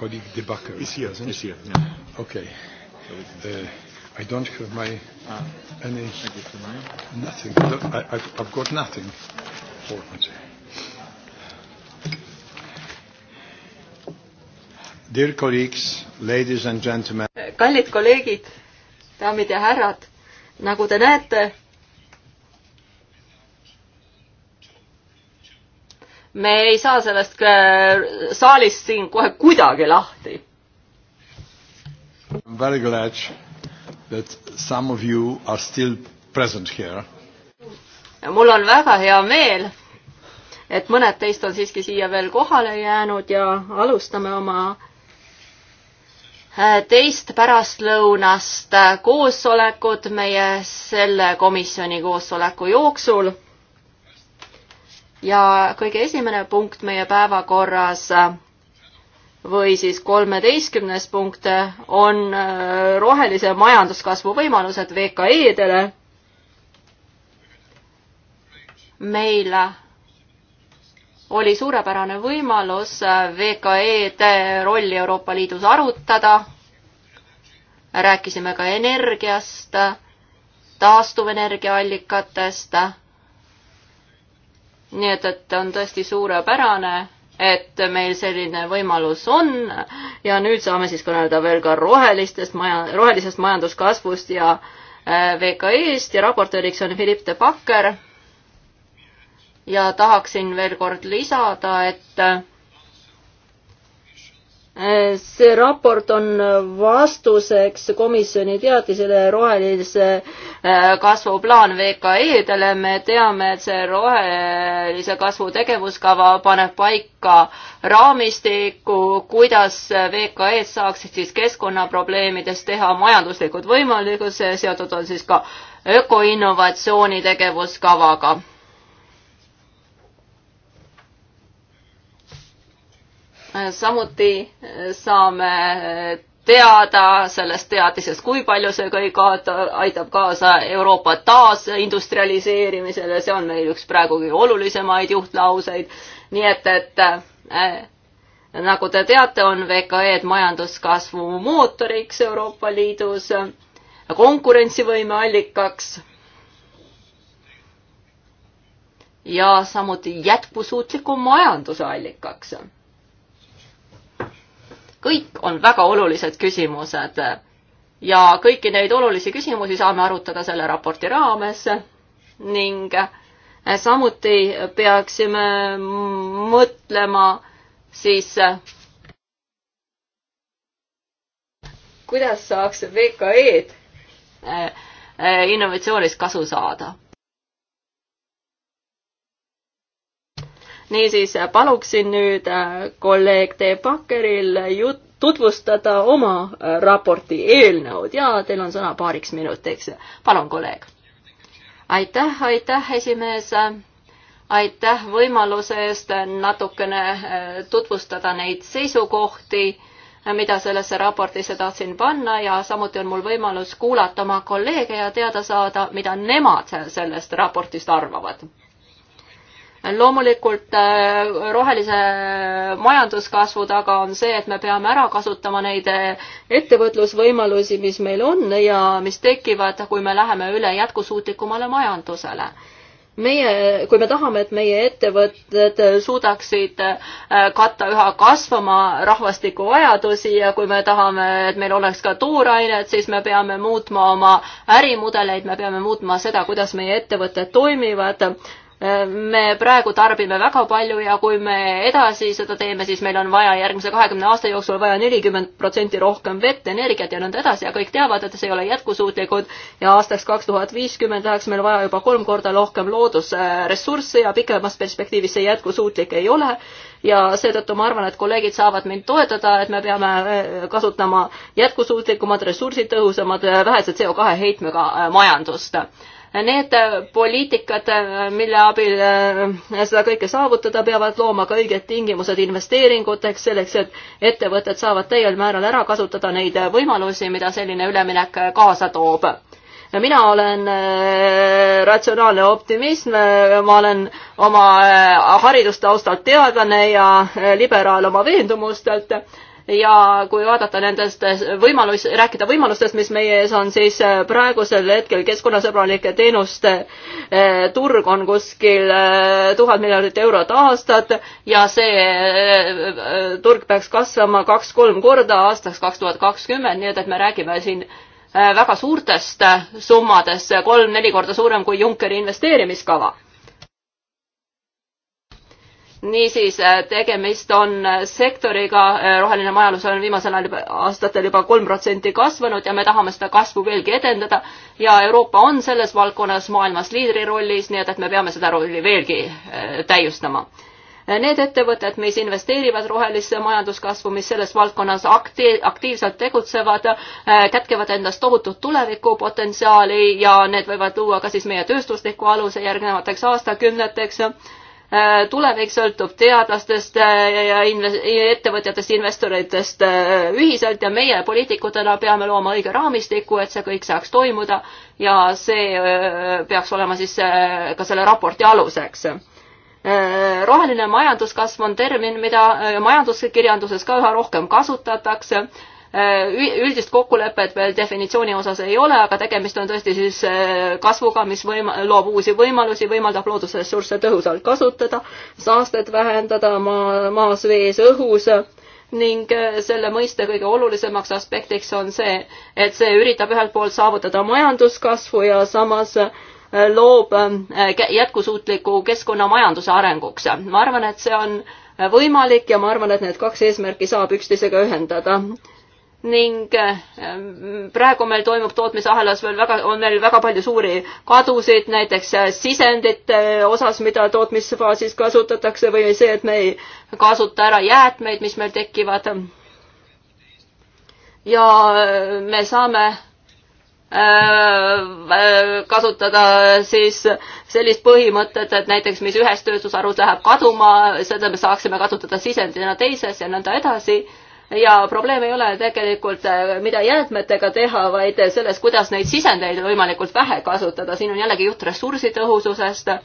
colleague De Backer. Is here, isn't is here. Yeah. Okay. Uh, I don't have my ah, any nothing. I, I've, I've got nothing. Fortunately. Dear colleagues, ladies and gentlemen. kallid kolleegid, daamid ja härrad, nagu te näete, me ei saa sellest äh, saalist siin kohe kuidagi lahti. I am very glad that some of you are still present here. mul on väga hea meel, et mõned teist on siiski siia veel kohale jäänud ja alustame oma äh, teist pärastlõunast äh, koosolekut meie selle komisjoni koosoleku jooksul ja kõige esimene punkt meie päevakorras äh, või siis kolmeteistkümnes punkt äh, on äh, rohelise majanduskasvu võimalused VKE-dele. meil oli suurepärane võimalus VKE-de rolli Euroopa Liidus arutada. rääkisime ka energiast, taastuvenergiaallikatest nii et, et on tõesti suurepärane, et meil selline võimalus on ja nüüd saame siis kõneleda veel ka rohelistest maja, rohelisest majanduskasvust ja äh, VKE-st ja raportööriks on Philipp de Backer. ja tahaksin veel kord lisada, et äh, see raport on vastuseks komisjoni teadisele rohelise äh, kasvu plaan VKE-dele. me teame, et see rohelise kasvu tegevuskava paneb paika raamistiku, kuidas VKE-d saaksid siis keskkonnaprobleemides teha majanduslikud võimalikud, see seotud on siis ka ökoinnovatsiooni tegevuskavaga samuti eh, saame eh, teada sellest teadisest, kui palju see kõik aitab kaasa Euroopa taasindustrialiseerimisele, see on meil üks praegu kõige olulisemaid juhtlauseid. nii et, et äh, nagu te teate, on VKE-d majanduskasvu mootoriks Euroopa Liidus, konkurentsivõime allikaks ja samuti jätkusuutliku majanduse allikaks kõik on väga olulised küsimused ja kõiki neid olulisi küsimusi saame arutada selle raporti raames ning samuti peaksime mõtlema siis kuidas saaks VKE-d innovatsioonist kasu saada. niisiis paluksin nüüd äh, kolleeg De Bakkeril jut-, tutvustada oma äh, raporti eelnõud ja teil on sõna paariks minutiks. palun, kolleeg. aitäh, aitäh, esimees. aitäh võimaluse eest natukene äh, tutvustada neid seisukohti, mida sellesse raportisse tahtsin panna ja samuti on mul võimalus kuulata oma kolleege ja teada saada, mida nemad sellest raportist arvavad loomulikult äh, rohelise majanduskasvu taga on see, et me peame ära kasutama neid äh, ettevõtlusvõimalusi, mis meil on ja mis tekivad, kui me läheme üle jätkusuutlikumale majandusele. meie, kui me tahame, et meie ettevõtted suudaksid äh, katta üha kasvama rahvastiku vajadusi ja kui me tahame, et meil oleks ka toorainet, siis me peame muutma oma ärimudeleid, me peame muutma seda, kuidas meie ettevõtted toimivad me praegu tarbime väga palju ja kui me edasi seda teeme, siis meil on vaja järgmise kahekümne aasta jooksul vaja nelikümmend protsenti rohkem vett, energiat ja nõnda edasi ja kõik teavad, et see ei ole jätkusuutlikud ja aastaks kaks tuhat viiskümmend läheks meil vaja juba kolm korda rohkem loodusressursse ja pikemas perspektiivis see jätkusuutlik ei ole. ja seetõttu ma arvan, et kolleegid saavad mind toetada, et me peame eh, kasutama jätkusuutlikumad, ressursitõhusamad, eh, vähese CO2 heitmega eh, majandust Need poliitikad, mille abil äh, seda kõike saavutada, peavad looma ka õiged tingimused investeeringuteks, selleks et ettevõtted saavad täiel määral ära kasutada neid võimalusi, mida selline üleminek kaasa toob. mina olen äh, ratsionaalne optimism, ma olen oma äh, haridustaustalt teadlane ja liberaal oma veendumustelt ja kui vaadata nendest võimalus, rääkida võimalustest, mis meie ees on, siis äh, praegusel hetkel keskkonnasõbralike teenuste äh, turg on kuskil äh, tuhat miljardit eurot aastat ja see turg peaks kasvama kaks-kolm korda aastaks kaks tuhat kakskümmend, nii et, et me räägime siin väga suurtest summadest, kolm-neli korda suurem kui Junckeri investeerimiskava niisiis, äh, tegemist on äh, sektoriga, äh, roheline majandus on viimasel ajal juba, aastatel juba kolm protsenti kasvanud ja me tahame seda kasvu veelgi edendada ja Euroopa on selles valdkonnas maailmas liidri rollis, nii et, et me peame seda rolli veelgi täiustama. Need ettevõtted, mis investeerivad rohelisse majanduskasvu, mis selles valdkonnas akti-, aktiivselt tegutsevad, kätkevad endas tohutut tulevikupotentsiaali ja need võivad luua ka siis meie tööstusliku aluse järgnevateks aastakümneteks Äh, tulevik sõltub teadlastest äh, ja inves-, ettevõtjatest, investoritest äh, ühiselt ja meie poliitikutena peame looma õige raamistiku, et see kõik saaks toimuda ja see peaks olema siis ka selle raporti aluseks roheline majanduskasv on termin, mida majanduskirjanduses ka üha rohkem kasutatakse Äh, üldist kokkulepet veel definitsiooni osas ei ole, aga tegemist on tõesti siis äh, kasvuga, mis võima-, loob uusi võimalusi, võimaldab loodusressursse tõhusalt kasutada, saastet vähendada maa, maas, vees, õhus ning äh, selle mõiste kõige olulisemaks aspektiks on see, et see üritab ühelt poolt saavutada majanduskasvu ja samas loob jätkusuutliku keskkonnamajanduse arenguks. ma arvan, et see on võimalik ja ma arvan, et need kaks eesmärki saab üksteisega ühendada ning äh, praegu meil toimub tootmisahelas veel väga, on veel väga palju suuri kadusid, näiteks äh, sisendite äh, osas, mida tootmisfaasis kasutatakse või see, et me ei kasuta ära jäätmeid, mis meil tekivad. ja me saame kasutada siis sellist põhimõtet, et näiteks, mis ühes tööstusharus läheb kaduma, seda me saaksime kasutada sisendina teises ja nõnda edasi ja probleem ei ole tegelikult, äh, mida jäätmetega teha, vaid selles, kuidas neid sisendeid võimalikult vähe kasutada, siin on jällegi jutt ressursitõhususest äh,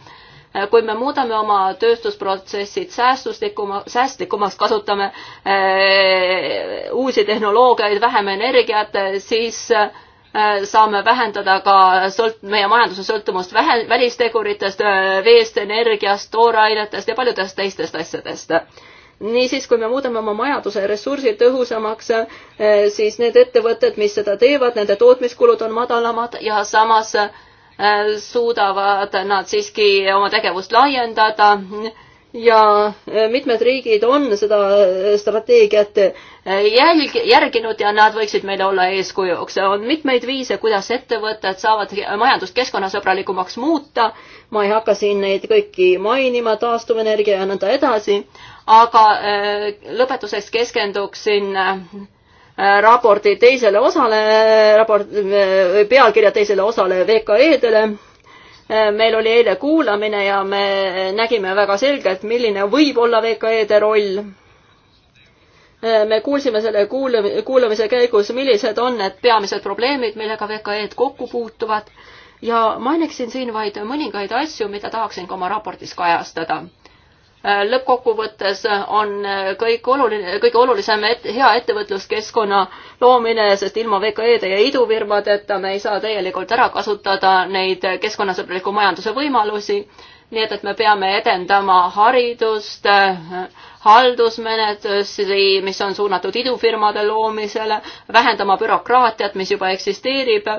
kui me muudame oma tööstusprotsessid säästlikuma, säästlikumaks, kasutame äh, uusi tehnoloogiaid, vähem energiat, siis äh, saame vähendada ka sõlt-, meie majanduse sõltumust vähe, välisteguritest, äh, veest, energiast, toorainetest ja paljudest teistest asjadest niisiis, kui me muudame oma majanduse ressursi tõhusamaks, eh, siis need ettevõtted, mis seda teevad, nende tootmiskulud on madalamad ja samas eh, suudavad nad siiski oma tegevust laiendada ja e, mitmed riigid on seda e, strateegiat e, jälg-, järginud ja nad võiksid meile olla eeskujuks. on mitmeid viise, kuidas ettevõtted saavad majandust keskkonnasõbralikumaks muuta. ma ei hakka siin neid kõiki mainima, taastuvenergia ja nõnda edasi, aga lõpetuseks keskenduksin raporti teisele osale, raport, pealkirja teisele osale VKE-dele meil oli eile kuulamine ja me nägime väga selgelt, milline võib olla VKE-de roll. me kuulsime selle kuul-, kuulamise käigus, millised on need peamised probleemid, millega VKE-d kokku puutuvad ja mainiksin siin vaid mõningaid asju, mida tahaksin ka oma raportis kajastada Äh, lõppkokkuvõttes on äh, kõik oluline, kõige olulisem et, hea ettevõtluskeskkonna loomine, sest ilma VKE-de ja idufirmadeta me ei saa täielikult ära kasutada neid keskkonnasõbraliku majanduse võimalusi. nii et, et me peame edendama haridust, äh, haldusmenetlusi, mis on suunatud idufirmade loomisele, vähendama bürokraatiat, mis juba eksisteerib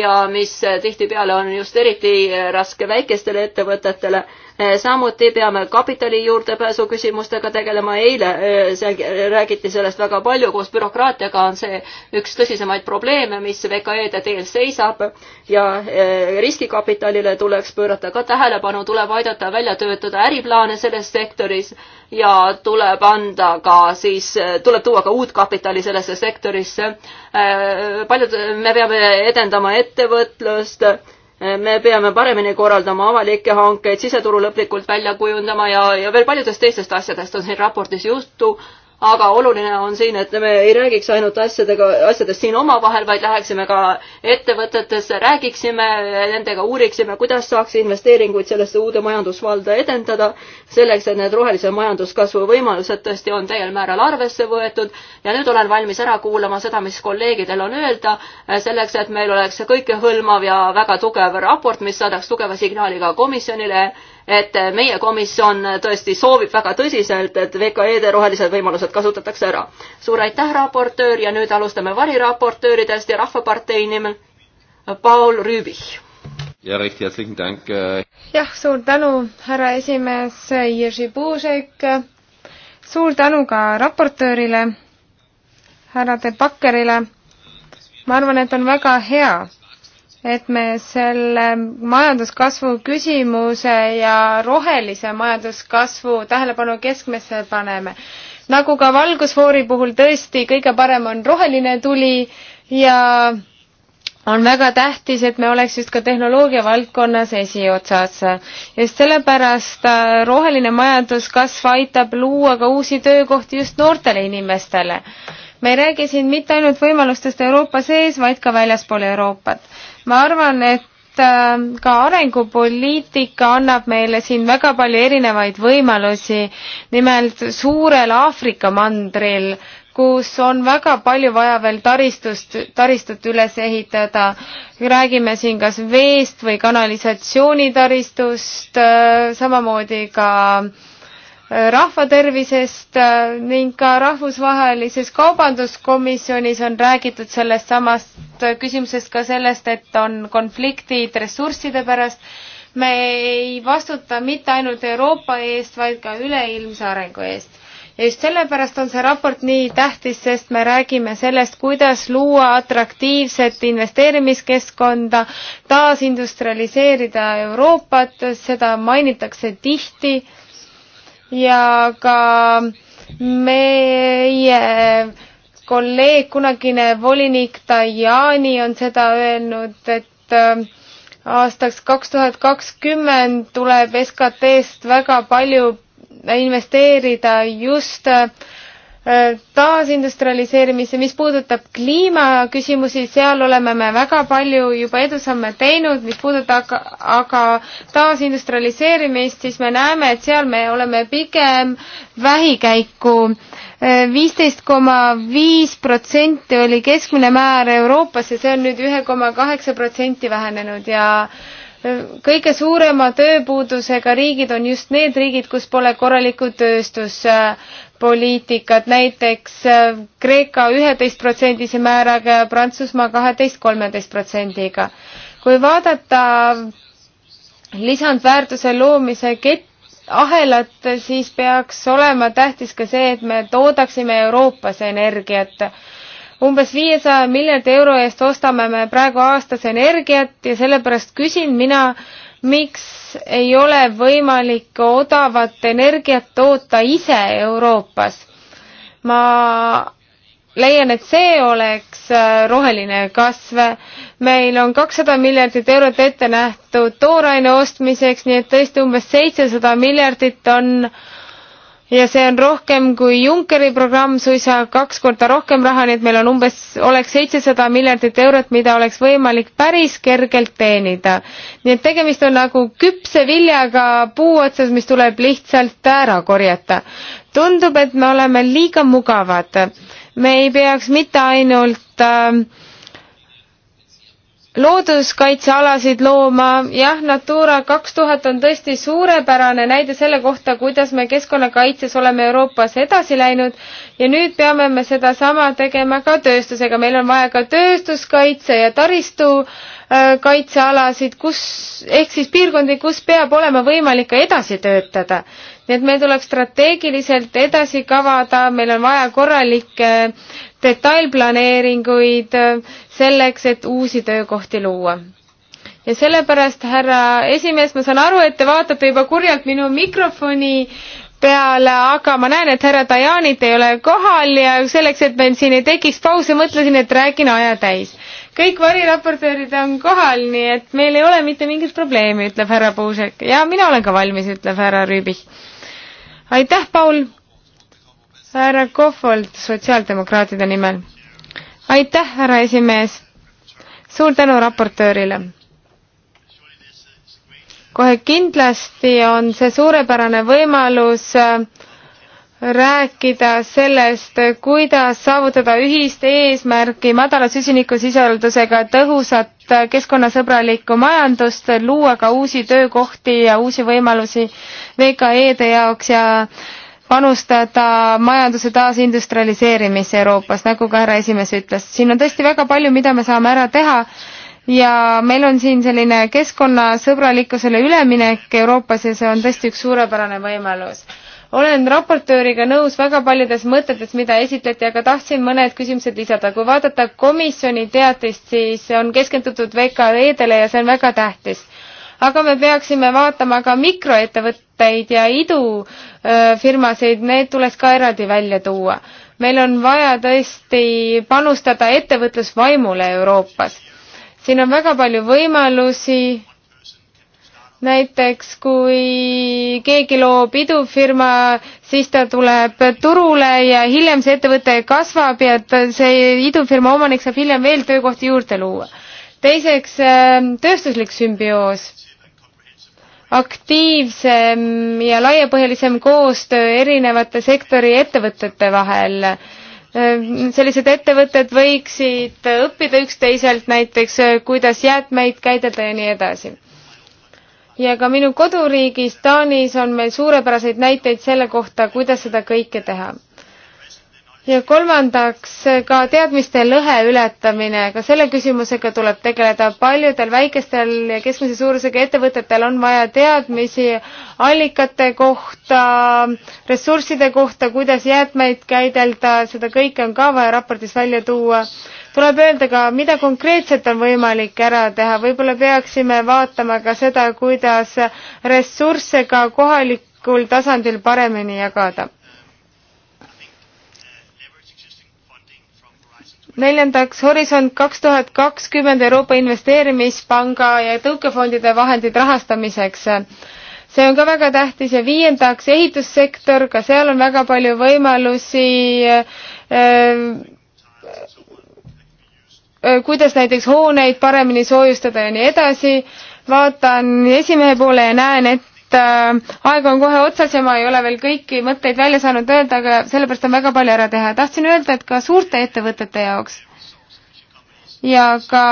ja mis tihtipeale on just eriti raske väikestele ettevõtetele Äh, samuti peame kapitali juurdepääsu küsimustega tegelema, eile äh, räägiti sellest väga palju, koos bürokraatiaga on see üks tõsisemaid probleeme, mis VKE-de teel seisab ja äh, riskikapitalile tuleks pöörata ka tähelepanu, tuleb aidata välja töötada äriplaane selles sektoris ja tuleb anda ka siis, tuleb tuua ka uut kapitali sellesse sektorisse. paljud, me peame edendama ettevõtlust me peame paremini korraldama avalikke hankeid, siseturu lõplikult välja kujundama ja, ja veel paljudest teistest asjadest on siin raportis juttu, aga oluline on siin, et me ei räägiks ainult asjadega, asjadest siin omavahel, vaid läheksime ka ettevõtetesse, räägiksime nendega, uuriksime, kuidas saaks investeeringuid sellesse uude majandusvalda edendada, selleks, et need rohelise majanduskasvu võimalused tõesti on täiel määral arvesse võetud ja nüüd olen valmis ära kuulama seda, mis kolleegidel on öelda, selleks, et meil oleks kõikehõlmav ja väga tugev raport, mis saadaks tugeva signaali ka komisjonile et meie komisjon tõesti soovib väga tõsiselt, et VKE-de rohelised võimalused kasutatakse ära. suur aitäh, raportöör ja nüüd alustame variraportööridest ja Rahvapartei nimel Paul Rüübich. ja recht herzlichen Dank. Äh. jah, suur tänu, härra esimees Jerzy Buzek. suur tänu ka raportöörile, härra De Bakkerile. ma arvan, et on väga hea et me selle majanduskasvu küsimuse ja rohelise majanduskasvu tähelepanu keskmesse paneme. nagu ka valgusfoori puhul tõesti kõige parem on roheline tuli ja on väga tähtis, et me oleks just ka tehnoloogia valdkonnas esiotsas. just sellepärast äh, roheline majanduskasv aitab luua ka uusi töökohti just noortele inimestele. me ei räägi siin mitte ainult võimalustest Euroopa sees, vaid ka väljaspool Euroopat ma arvan, et äh, ka arengupoliitika annab meile siin väga palju erinevaid võimalusi, nimelt suurel Aafrika mandril, kus on väga palju vaja veel taristust, taristut üles ehitada. räägime siin kas veest või kanalisatsioonitaristust, äh, samamoodi ka äh, rahvatervisest äh, ning ka rahvusvahelises kaubanduskomisjonis on räägitud sellest samast äh, küsimusest ka sellest, et on konfliktid ressursside pärast. me ei vastuta mitte ainult Euroopa eest, vaid ka üleilmse arengu eest. ja just sellepärast on see raport nii tähtis, sest me räägime sellest, kuidas luua atraktiivset investeerimiskeskkonda, taasindustrialiseerida Euroopat, seda mainitakse tihti ja ka meie kolleeg, kunagine volinik Tajani on seda öelnud, et äh, aastaks kaks tuhat kakskümmend tuleb SKT-st väga palju investeerida just äh, Äh, taasindustrialiseerimisse, mis puudutab kliimaküsimusi, seal oleme me väga palju juba edusamme teinud, mis puudutab aga, aga taasindustrialiseerimist, siis me näeme, et seal me oleme pigem vähikäiku. Äh, viisteist koma viis protsenti oli keskmine määr Euroopas ja see on nüüd ühe koma kaheksa protsenti vähenenud ja äh, kõige suurema tööpuudusega riigid on just need riigid, kus pole korralikku tööstus poliitikat, näiteks äh, Kreeka üheteistprotsendise määraga ja Prantsusmaa kaheteist, kolmeteist protsendiga. kui vaadata lisandväärtuse loomise kett-, ahelat, siis peaks olema tähtis ka see, et me toodaksime Euroopas energiat. umbes viiesaja miljardi euro eest ostame me praegu aastas energiat ja sellepärast küsin mina, miks ei ole võimalik odavat energiat toota ise Euroopas. ma leian, et see oleks äh, roheline kasv. meil on kakssada miljardit eurot ette nähtud tooraine ostmiseks, nii et tõesti umbes seitsesada miljardit on äh, ja see on rohkem kui Junckeri programm, suisa kaks korda rohkem raha, nii et meil on umbes, oleks seitsesada miljardit eurot, mida oleks võimalik päris kergelt teenida. nii et tegemist on nagu küpse viljaga puu otsas, mis tuleb lihtsalt ära korjata. tundub, et me oleme liiga mugavad. me ei peaks mitte ainult äh, looduskaitsealasid looma, jah, Natura kaks tuhat on tõesti suurepärane näide selle kohta, kuidas me keskkonnakaitses oleme Euroopas edasi läinud ja nüüd peame me sedasama tegema ka tööstusega, meil on vaja ka tööstuskaitse ja taristu äh, kaitsealasid, kus, ehk siis piirkondi, kus peab olema võimalik ka edasi töötada. nii et meil tuleb strateegiliselt edasi kavada, meil on vaja korralikke detailplaneeringuid, äh, selleks, et uusi töökohti luua. ja sellepärast, härra esimees, ma saan aru, et te vaatate juba kurjalt minu mikrofoni peale, aga ma näen, et härra Dajanit ei ole kohal ja selleks, et meil siin ei tekiks pause, mõtlesin, et räägin aja täis. kõik variraportöörid on kohal, nii et meil ei ole mitte mingit probleemi, ütleb härra Puusek ja mina olen ka valmis, ütleb härra Rüübich. aitäh, Paul! härra Kohvold sotsiaaldemokraatide nimel aitäh, härra esimees. suur tänu raportöörile. kohe kindlasti on see suurepärane võimalus äh, rääkida sellest, kuidas saavutada ühist eesmärki madala süsinikusisaldusega tõhusat äh, keskkonnasõbralikku majandust, luua ka uusi töökohti ja uusi võimalusi VKE-de jaoks ja panustada majanduse taasindustrialiseerimisse Euroopas, nagu ka härra esimees ütles. siin on tõesti väga palju, mida me saame ära teha ja meil on siin selline keskkonnasõbralikkusele üleminek Euroopas ja see on tõesti üks suurepärane võimalus. olen raportööriga nõus väga paljudes mõtetes, mida esitleti, aga tahtsin mõned küsimused lisada. kui vaadata komisjoni teatist, siis on keskendutud VKE-dele ja see on väga tähtis aga me peaksime vaatama ka mikroettevõtteid ja idufirmasid, need tuleks ka eraldi välja tuua. meil on vaja tõesti panustada ettevõtlusvaimule Euroopas. siin on väga palju võimalusi, näiteks kui keegi loob idufirma, siis ta tuleb turule ja hiljem see ettevõte kasvab ja see idufirma omanik saab hiljem veel töökohti juurde luua. teiseks, tööstuslik sümbioos aktiivsem ja laiapõhjalisem koostöö erinevate sektori ettevõtete vahel. Ehm, sellised ettevõtted võiksid õppida üksteiselt näiteks, eh, kuidas jäätmeid käidelda ja nii edasi ja ka minu koduriigis Taanis on meil suurepäraseid näiteid selle kohta, kuidas seda kõike teha ja kolmandaks ka teadmiste lõhe ületamine, ka selle küsimusega tuleb tegeleda. paljudel väikestel ja keskmise suurusega ettevõtetel on vaja teadmisi allikate kohta, ressursside kohta, kuidas jäätmeid käidelda, seda kõike on ka vaja raportis välja tuua. tuleb öelda ka, mida konkreetselt on võimalik ära teha, võib-olla peaksime vaatama ka seda, kuidas ressursse ka kohalikul tasandil paremini jagada neljandaks, Horisont kaks tuhat kakskümmend Euroopa Investeerimispanga ja tõukefondide vahendid rahastamiseks. see on ka väga tähtis ja viiendaks, ehitussektor, ka seal on väga palju võimalusi äh, äh, kuidas näiteks hooneid paremini soojustada ja nii edasi. vaatan esimehe poole ja näen, et et äh, aeg on kohe otsas ja ma ei ole veel kõiki mõtteid välja saanud öelda, aga sellepärast on väga palju ära teha. tahtsin öelda, et ka suurte ettevõtete jaoks ja ka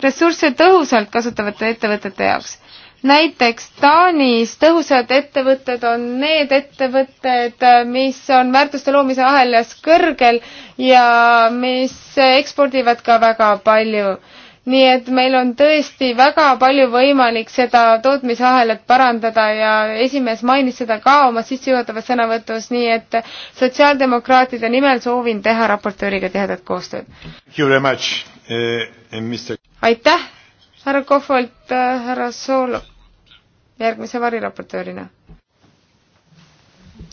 ressursse tõhusalt kasutavate ettevõtete jaoks. näiteks Taanis tõhusad ettevõtted on need ettevõtted, mis on väärtuste loomise ahelas kõrgel ja mis ekspordivad ka väga palju nii et meil on tõesti väga palju võimalik seda tootmisahelat parandada ja esimees mainis seda ka oma sissejuhatavas sõnavõtus, nii et sotsiaaldemokraatide nimel soovin teha raportööriga tihedat koostööd. Eh, aitäh, härra Kohvolt, eh, härra Soolo, järgmise variraportöörina.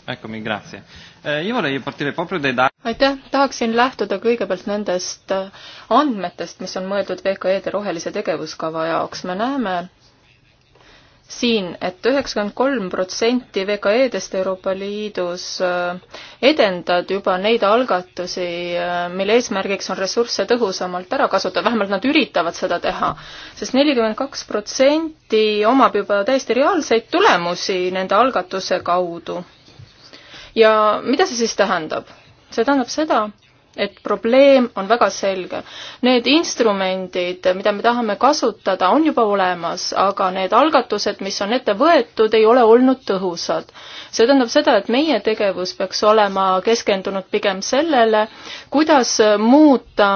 Eccomi, grazie Eh, aitäh, tahaksin lähtuda kõigepealt nendest eh, andmetest, mis on mõeldud VKE-de rohelise tegevuskava jaoks. me näeme siin et, et üheksakümmend kolm protsenti VKE-dest Euroopa Liidus eh, edendavad juba neid algatusi, mille eesmärgiks on ressursse tõhusamalt ära kasutada, vähemalt nad üritavad seda teha sest. sest nelikümmend kaks protsenti omab juba täiesti reaalseid tulemusi nende algatuse kaudu ja mida see siis tähendab? see tähendab seda, et probleem on väga selge. Need instrumendid, mida me tahame kasutada, on juba olemas, aga need algatused, mis on ette võetud, ei ole olnud tõhusad. see tähendab seda, et meie tegevus peaks olema keskendunud pigem sellele, kuidas muuta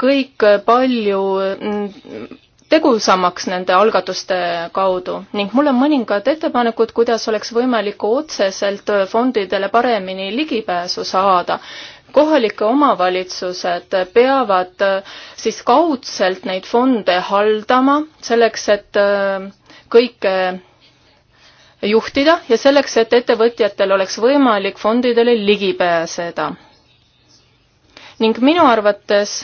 kõik palju tegusamaks nende algatuste kaudu ning mul on mõningad ettepanekud, kuidas oleks võimalik otseselt fondidele paremini ligipääsu saada. kohalike omavalitsused peavad äh, siis kaudselt neid fonde haldama selleks, et äh, kõike juhtida ja selleks, et ettevõtjatel oleks võimalik fondidele ligi pääseda. ning minu arvates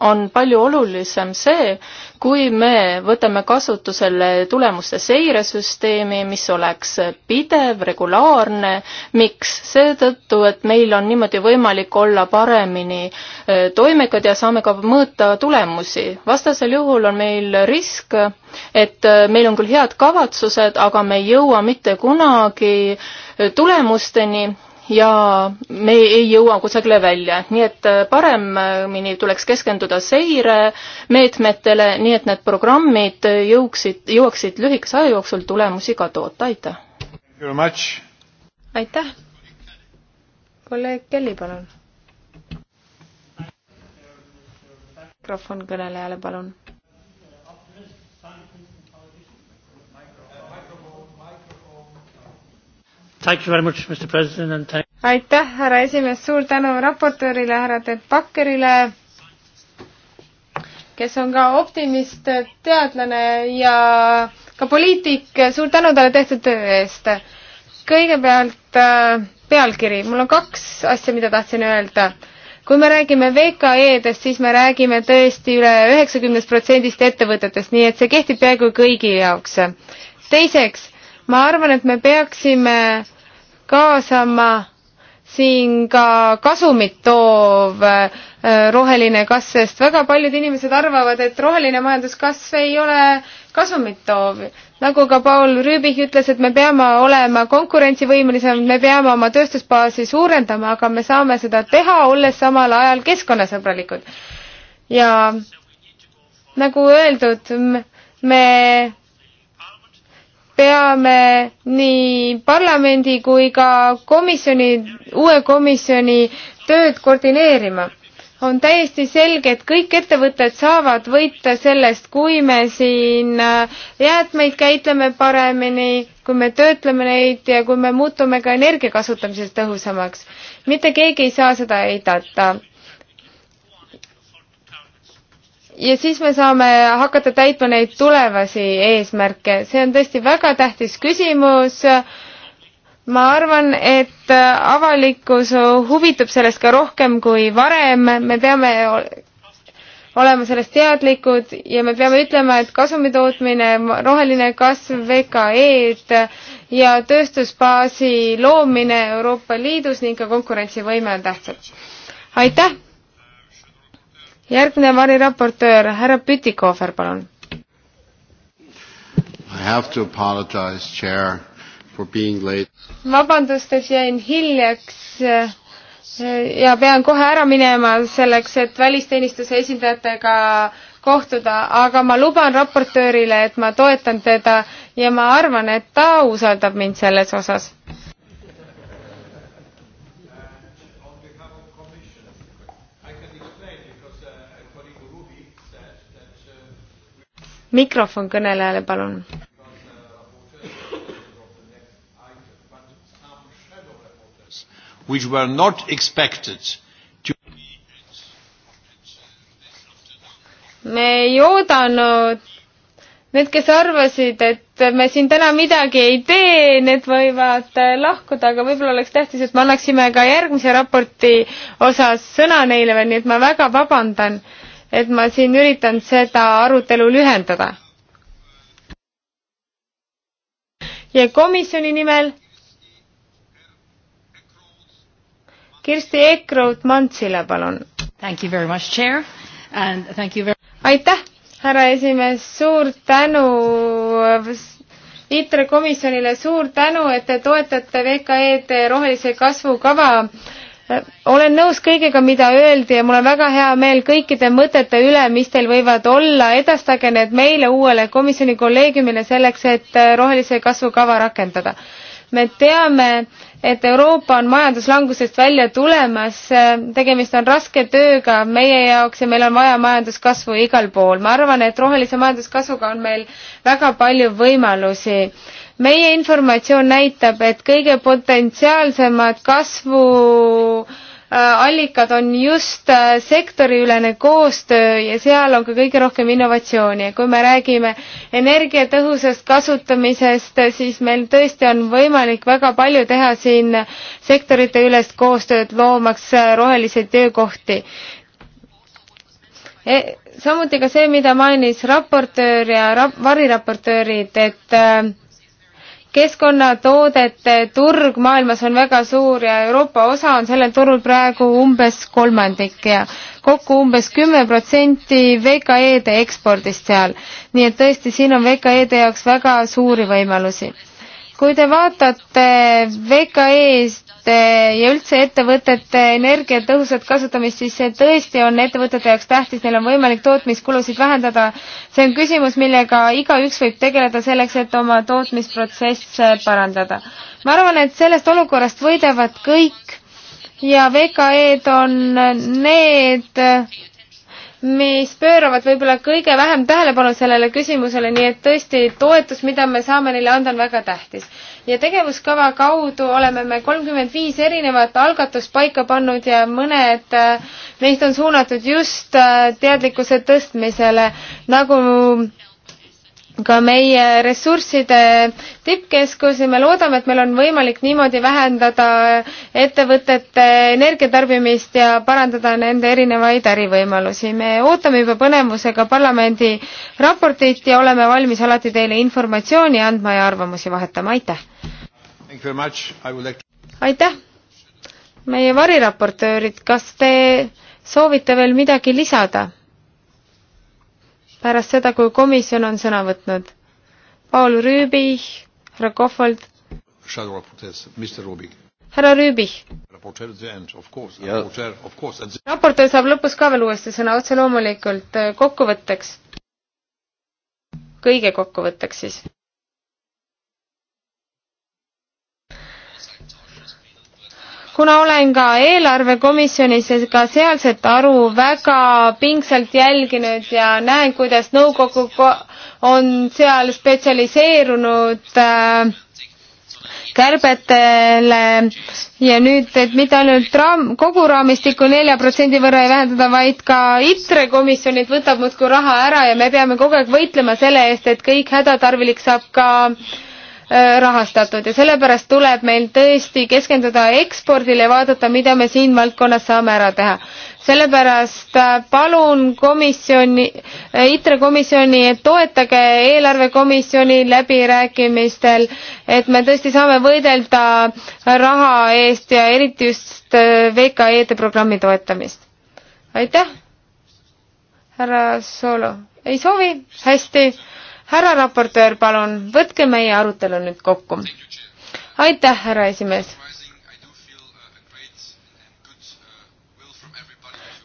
on palju olulisem see, kui me võtame kasutusele tulemuste seiresüsteemi, mis oleks pidev, regulaarne. miks? seetõttu, et meil on niimoodi võimalik olla paremini toimekad ja saame ka mõõta tulemusi. vastasel juhul on meil risk, et meil on küll head kavatsused, aga me ei jõua mitte kunagi tulemusteni ja me ei jõua kusagile välja, nii et äh, paremini tuleks keskenduda seiremeetmetele, nii et need programmid jõuksid, jõuaksid lühikese aja jooksul tulemusi ka toota, aitäh! aitäh! kolleeg Kelly, palun. mikrofon kõnelejale, palun. aitäh, härra esimees, suur tänu raportöörile, härra Ted Bakkerile, kes on ka optimist, teadlane ja ka poliitik, suur tänu talle tehtud töö eest. kõigepealt äh, pealkiri, mul on kaks asja, mida tahtsin öelda. kui me räägime VKE-dest, siis me räägime tõesti üle üheksakümnest protsendist ettevõtetest, nii et see kehtib peaaegu kõigi jaoks. teiseks ma arvan, et me peaksime kaasama siin ka kasumit toov äh, roheline kasv, sest väga paljud inimesed arvavad, et roheline majanduskasv ei ole kasumit toov. nagu ka Paul Rüübich ütles, et me peame olema konkurentsivõimelisemad, me peame oma tööstusbaasi suurendama, aga me saame seda teha, olles samal ajal keskkonnasõbralikud. ja nagu öeldud, me peame nii parlamendi kui ka komisjoni, uue komisjoni tööd koordineerima. on täiesti selge, et kõik ettevõtted saavad võita sellest, kui me siin äh, jäätmeid käitleme paremini, kui me töötleme neid ja kui me muutume ka energia kasutamises tõhusamaks. mitte keegi ei saa seda eidata ja siis me saame hakata täitma neid tulevasi eesmärke. see on tõesti väga tähtis küsimus. ma arvan, et avalikkus huvitub sellest ka rohkem kui varem. me peame olema sellest teadlikud ja me peame ütlema, et kasumi tootmine, roheline kasv, VKE-d ja tööstusbaasi loomine Euroopa Liidus ning ka konkurentsivõime on tähtsad. aitäh! järgmine variraportöör, härra Pütikofer, palun. I have to apologize, chair, for being late. vabandust, et jäin hiljaks eh, ja pean kohe ära minema selleks, et välisteenistuse esindajatega kohtuda, aga ma luban raportöörile, et ma toetan teda ja ma arvan, et ta usaldab mind selles osas mikrofon kõnelejale, palun. which were not expected to me ei oodanud, need, kes arvasid, et me siin täna midagi ei tee, need võivad äh, lahkuda, aga võib-olla oleks tähtis, et me annaksime ka järgmise raporti osas sõna neile veel, nii et ma väga vabandan et ma siin üritan seda arutelu lühendada. ja komisjoni nimel Kirsti Ekrout Mantsile, palun. Very... aitäh, härra esimees, suur tänu ITRE komisjonile suur tänu, et te toetate VKE-d rohelise kasvu kava olen nõus kõigega, mida öeldi ja mul on väga hea meel kõikide mõtete üle, mis teil võivad olla, edastage need meile, uuele komisjoni kolleegiumile selleks, et äh, rohelise kasvu kava rakendada. me teame, et Euroopa on majanduslangusest välja tulemas, äh, tegemist on raske tööga meie jaoks ja meil on vaja majanduskasvu igal pool. ma arvan, et rohelise majanduskasvuga on meil väga palju võimalusi meie informatsioon näitab, et kõige potentsiaalsemad kasvu äh, allikad on just äh, sektoriülene koostöö ja seal on ka kõige rohkem innovatsiooni ja kui me räägime energiatõhusast kasutamisest, siis meil tõesti on võimalik väga palju teha siin sektorite ülest koostööd, loomaks äh, roheliseid töökohti e. samuti ka see, mida mainis raportöör ja rap-, variraportöörid, et äh, keskkonnatoodete turg maailmas on väga suur ja Euroopa osa on sellel turul praegu umbes kolmandik ja kokku umbes kümme protsenti VKE-de ekspordist seal. nii et tõesti, siin on VKE-de jaoks väga suuri võimalusi. kui te vaatate VKE-st ettevõtete ja üldse ettevõtete energiatõhusat kasutamist, siis see tõesti on ettevõtete jaoks tähtis, neil on võimalik tootmiskulusid vähendada. see on küsimus, millega igaüks võib tegeleda selleks, et oma tootmisprotsesse parandada. ma arvan, et sellest olukorrast võidavad kõik ja VKE-d on need mis pööravad võib-olla kõige vähem tähelepanu sellele küsimusele, nii et tõesti toetus, mida me saame neile anda, on väga tähtis. ja tegevuskava kaudu oleme me kolmkümmend viis erinevat algatust paika pannud ja mõned äh, neist on suunatud just äh, teadlikkuse tõstmisele, nagu ka meie ressursside tippkeskus ja me loodame, et meil on võimalik niimoodi vähendada ettevõtete energiatarbimist ja parandada nende erinevaid ärivõimalusi. me ootame juba põnevusega parlamendi raportit ja oleme valmis alati teile informatsiooni andma ja arvamusi vahetama, aitäh! Like... aitäh! meie variraportöörid, kas te soovite veel midagi lisada? pärast seda, kui komisjon on sõna võtnud. Paul Rüübich, härra Kohvald. härra Rüübich. raportöör saab lõpus ka veel uuesti sõna, otse loomulikult kokkuvõtteks. kõige kokkuvõtteks siis kuna olen ka eelarvekomisjonis ja ka sealset aru väga pingsalt jälginud ja näen, kuidas nõukogu on seal spetsialiseerunud äh, kärbetele ja nüüd, et mitte ainult raam, kogu raamistikku nelja protsendi võrra ei vähendada, vaid ka ITRE komisjonilt võtab muudkui raha ära ja me peame kogu aeg võitlema selle eest, et kõik hädatarvilik saab ka äh, Äh, rahastatud ja sellepärast tuleb meil tõesti keskenduda ekspordile ja vaadata, mida me siin valdkonnas saame ära teha. sellepärast äh, palun komisjoni, äh, ITRE komisjoni, et toetage eelarvekomisjoni läbirääkimistel, et me tõesti saame võidelda raha eest ja eriti just VKE-de programmi toetamist. aitäh, härra Solo. ei soovi? hästi härra raportöör, palun võtke meie arutelu nüüd kokku. aitäh, härra esimees.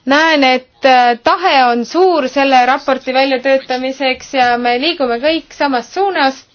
näen, et äh, tahe on suur selle raporti väljatöötamiseks ja me liigume kõik samas suunas.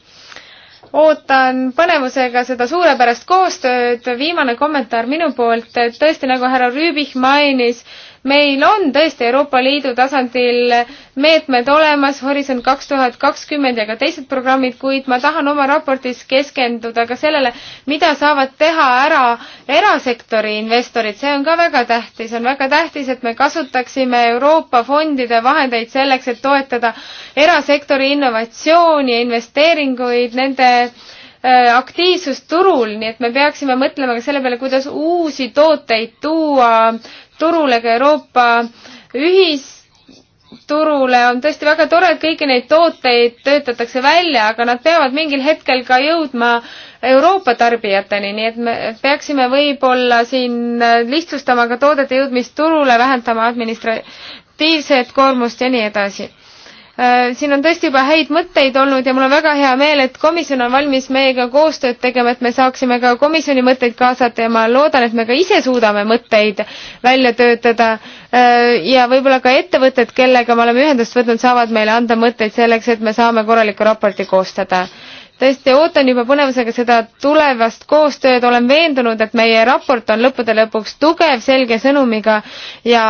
ootan põnevusega seda suurepärast koostööd. viimane kommentaar minu poolt, tõesti nagu härra Rüübich mainis, meil on tõesti Euroopa Liidu tasandil meetmed olemas, Horisont kaks tuhat kakskümmend ja ka teised programmid, kuid ma tahan oma raportis keskenduda ka sellele, mida saavad teha ära erasektori investorid, see on ka väga tähtis, on väga tähtis, et me kasutaksime Euroopa fondide vahendeid selleks, et toetada erasektori innovatsiooni ja investeeringuid nende äh, aktiivsust turul, nii et me peaksime mõtlema ka selle peale, kuidas uusi tooteid tuua turule ka Euroopa ühisturule, on tõesti väga tore, et kõiki neid tooteid töötatakse välja, aga nad peavad mingil hetkel ka jõudma Euroopa tarbijateni, nii et me peaksime võib-olla siin lihtsustama ka toodete jõudmist turule, vähendama administratiivset koormust ja nii edasi Äh, siin on tõesti juba häid mõtteid olnud ja mul on väga hea meel, et komisjon on valmis meiega koostööd tegema, et me saaksime ka komisjoni mõtteid kaasata ja ma loodan, et me ka ise suudame mõtteid välja töötada. Äh, ja võib-olla ka ettevõtted, kellega me oleme ühendust võtnud, saavad meile anda mõtteid selleks, et me saame korraliku raporti koostada tõesti ootan juba põnevusega seda tulevast koostööd, olen veendunud, et meie raport on lõppude lõpuks tugev, selge sõnumiga ja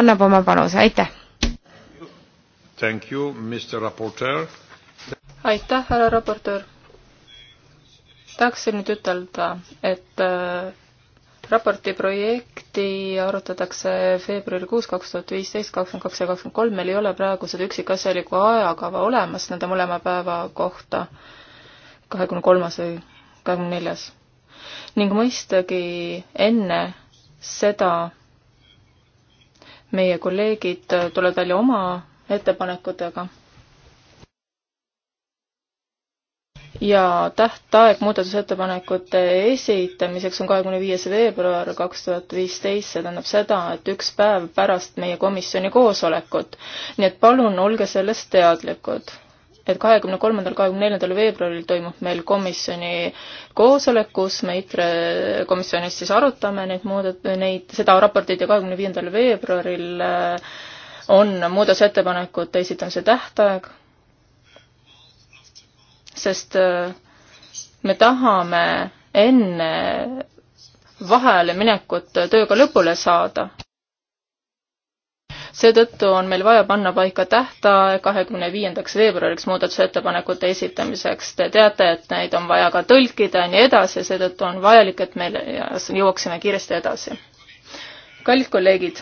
annab oma panuse, aitäh! aitäh, härra raportöör. tahaksin nüüd ütelda, et äh, raporti projekti arutatakse veebruarikuus kaks tuhat viisteist, kakskümmend kaks ja kakskümmend kolm, meil ei ole praegu seda üksikasjalikku ajakava olemas nende mõlema päeva kohta, kahekümne kolmas või kahekümne neljas. ning mõistagi enne seda meie kolleegid äh, tulevad välja oma ettepanekutega. ja tähtaeg muudatusettepanekute esitamiseks on kahekümne viies veebruar kaks tuhat viisteist, see tähendab seda, et üks päev pärast meie komisjoni koosolekut. nii et palun olge sellest teadlikud et kahekümne kolmandal, kahekümne neljandal veebruaril toimub meil komisjoni koosolek, kus me ITRE komisjonis siis arutame neid muudat-, neid, seda raportit ja kahekümne viiendal veebruaril äh, on muudatusettepanekute esitamise tähtaeg, sest äh, me tahame enne vahele minekut tööga lõpule saada. seetõttu on meil vaja panna paika tähtaeg kahekümne viiendaks veebruariks muudatusettepanekute esitamiseks. Te teate, et neid on vaja ka tõlkida ja nii edasi, seetõttu on vajalik, et me jõuaksime kiiresti edasi. kallid kolleegid,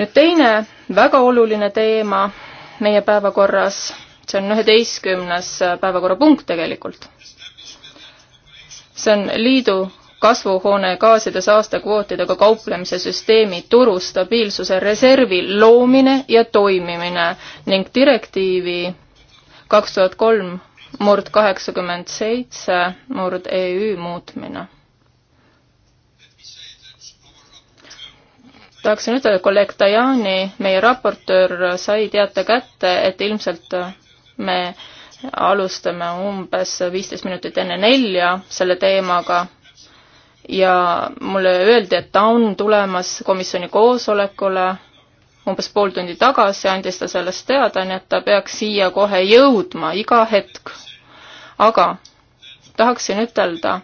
nüüd teine väga oluline teema meie päevakorras, see on üheteistkümnes päevakorrapunkt tegelikult. see on liidu kasvuhoonegaaside saastekvootidega kauplemise süsteemi turu stabiilsuse reservi loomine ja toimimine ning direktiivi kaks tuhat kolm murd kaheksakümmend seitse murd EÜ muutmine tahaksin ütelda, et kolleeg Dajani, meie raportöör, sai teate kätte, et ilmselt me alustame umbes viisteist minutit enne nelja selle teemaga ja mulle öeldi, et ta on tulemas komisjoni koosolekule umbes pool tundi tagasi andis ta sellest teada, nii et ta peaks siia kohe jõudma iga hetk. aga tahaksin ütelda,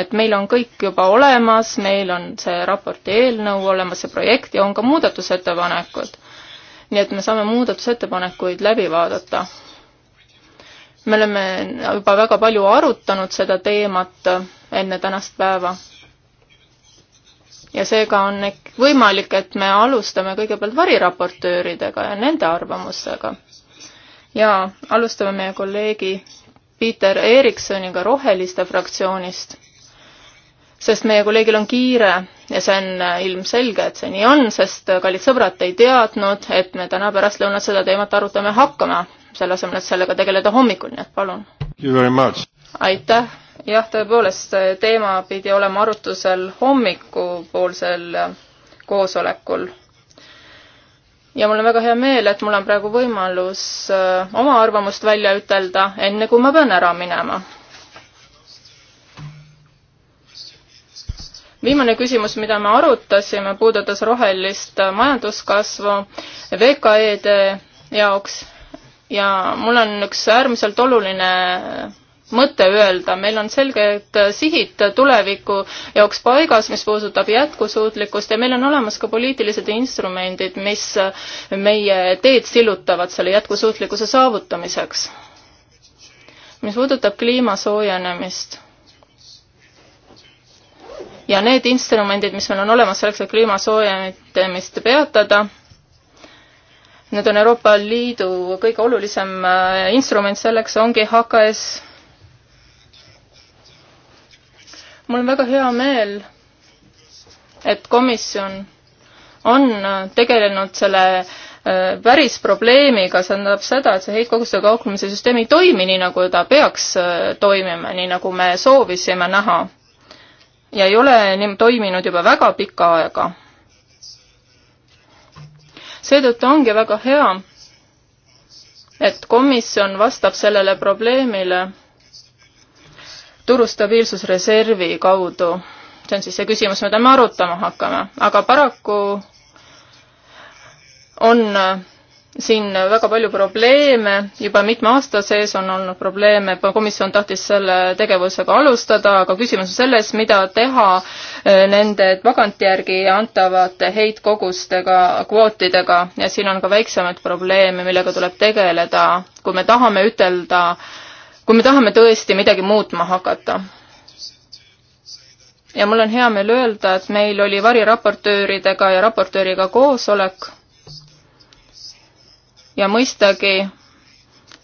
et meil on kõik juba olemas, meil on see raporti eelnõu olemas, see projekt ja on ka muudatusettepanekud. nii et me saame muudatusettepanekuid läbi vaadata. me oleme juba väga palju arutanud seda teemat enne tänast päeva. ja seega on võimalik, et me alustame kõigepealt variraportööridega ja nende arvamustega. ja alustame meie kolleegi Peter Eriksoniga Roheliste fraktsioonist sest meie kolleegil on kiire ja see on äh, ilmselge, et see nii on, sest äh, kallid sõbrad, te ei teadnud, et me täna pärastlõunat seda teemat arutame hakkame, selle asemel, et sellega tegeleda hommikul, nii et palun. aitäh, jah, tõepoolest, teema pidi olema arutusel hommikupoolsel äh, koosolekul. ja mul on väga hea meel, et mul on praegu võimalus oma arvamust välja ütelda, enne kui ma pean ära minema viimane küsimus, mida me arutasime, puudutas rohelist majanduskasvu VKE-de jaoks ja mul on üks äärmiselt oluline mõte öelda, meil on selged sihid tuleviku jaoks paigas, mis puudutab jätkusuutlikkust ja meil on olemas ka poliitilised instrumendid, mis meie teed sillutavad selle jätkusuutlikkuse saavutamiseks. mis puudutab kliima soojenemist ja need instrumendid, mis meil on olemas selleks, et kliima soojenemist peatada, need on Euroopa Liidu kõige olulisem äh, instrument selleks, ongi HKS. mul on väga hea meel, et komisjon on äh, tegelenud selle äh, päris probleemiga, see tähendab seda, et see heitkogustega kauplemise süsteem ei toimi nii, nagu ta peaks toimima, nii nagu me soovisime näha ja ei ole enam toiminud juba väga pikka aega. seetõttu ongi väga hea, et komisjon vastab sellele probleemile turu stabiilsusreservi kaudu. see on siis see küsimus, mida me arutama hakkame, aga paraku on siin väga palju probleeme, juba mitme aasta sees on olnud probleeme, komisjon tahtis selle tegevusega alustada, aga küsimus on selles, mida teha eh, nende tagantjärgi antavate heitkogustega, kvootidega ja siin on ka väiksemaid probleeme, millega tuleb tegeleda, kui me tahame ütelda, kui me tahame tõesti midagi muutma hakata ja mul on hea meel öelda, et meil oli variraportööridega ja raportööriga koosolek ja mõistagi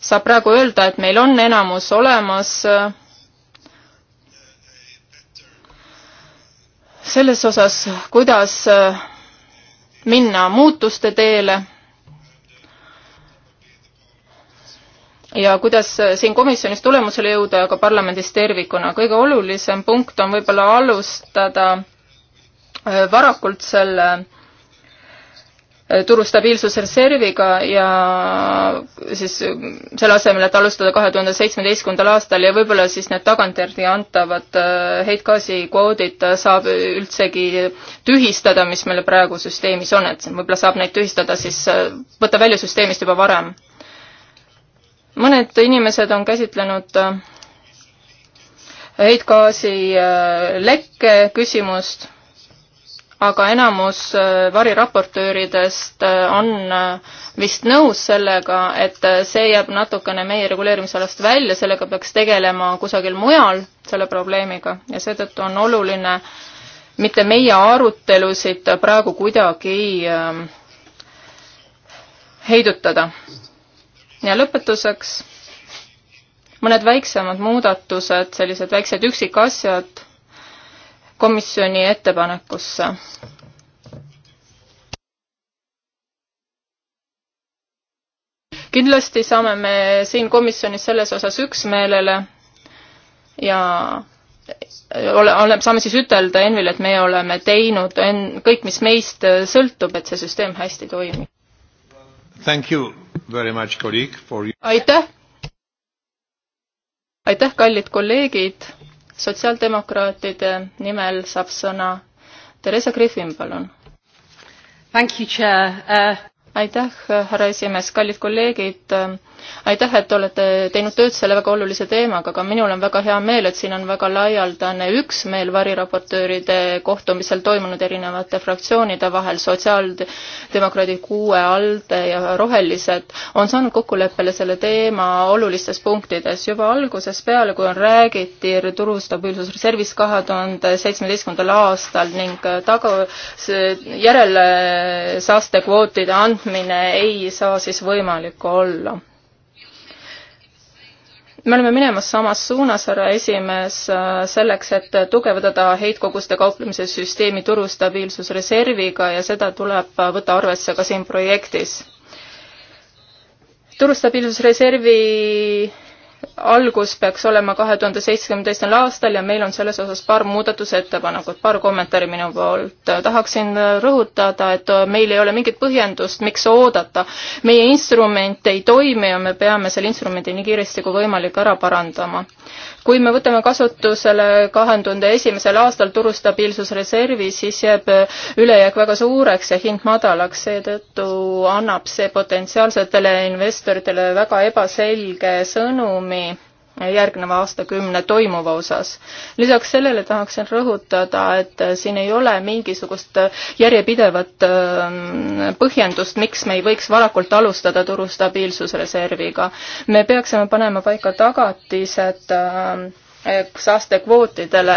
saab praegu öelda, et meil on enamus olemas selles osas, kuidas minna muutuste teele ja kuidas siin komisjonis tulemusele jõuda, aga parlamendis tervikuna. kõige olulisem punkt on võib-olla alustada varakult selle turu stabiilsusreserviga ja siis selle asemel, et alustada kahe tuhande seitsmeteistkümnendal aastal ja võib-olla siis need tagantjärgi antavad äh, heitgaasikvoodid saab üldsegi tühistada, mis meil praegu süsteemis on, et võib-olla saab neid tühistada siis, äh, võtta välja süsteemist juba varem. mõned inimesed on käsitlenud äh, heitgaasi lekke küsimust aga enamus äh, variraportööridest äh, on äh, vist nõus sellega, et see jääb natukene meie reguleerimisalast välja, sellega peaks tegelema kusagil mujal, selle probleemiga, ja seetõttu on oluline mitte meie arutelusid praegu kuidagi heidutada. ja lõpetuseks mõned väiksemad muudatused, sellised väiksed üksikasjad komisjoni ettepanekusse. kindlasti saame me siin komisjonis selles osas üksmeelele ja ole, ole, saame siis ütelda Envile, et me oleme teinud en-, kõik, mis meist sõltub, et see süsteem hästi toimib. Much, colleague, for... aitäh! aitäh, kallid kolleegid! sotsiaaldemokraatide nimel saab sõna Theresa Griffin, palun. Thank you, chair uh.... aitäh, härra esimees, kallid kolleegid uh aitäh, et olete teinud tööd selle väga olulise teemaga, aga minul on väga hea meel, et siin on väga laialdane üksmeel variraportööride kohtumisel toimunud erinevate fraktsioonide vahel, sotsiaaldemokraadid, kuue, ALDE ja Rohelised on saanud kokkuleppele selle teema olulistes punktides. juba algusest peale, kui on räägiti turu stabiilsusreservist kahe tuhande seitsmeteistkümnendal aastal ning taga, järelsaastekvootide andmine ei saa siis võimalik olla me oleme minemas samas suunas, härra esimees, selleks, et tugevdada heitkoguste kauplemise süsteemi turu stabiilsusreserviga ja seda tuleb võtta arvesse ka siin projektis. turustabiilsusreservi algus peaks olema kahe tuhande seitsmeteistkümnendal aastal ja meil on selles osas paar muudatusettepanekut, paar kommentaari minu poolt. tahaksin rõhutada, et meil ei ole mingit põhjendust, miks oodata. meie instrument ei toimi ja me peame selle instrumendi nii kiiresti kui võimalik ära parandama kui me võtame kasutusele kahe tuhande esimesel aastal turustabiilsusreservi, siis jääb ülejääk väga suureks ja hind madalaks, seetõttu annab see potentsiaalsetele investoritele väga ebaselge sõnumi järgneva aastakümne toimuva osas. lisaks sellele tahaksin rõhutada, et siin ei ole mingisugust järjepidevat ähm, põhjendust, miks me ei võiks varakult alustada turu stabiilsusreserviga. me peaksime panema paika tagatised et ähm, saastekvootidele.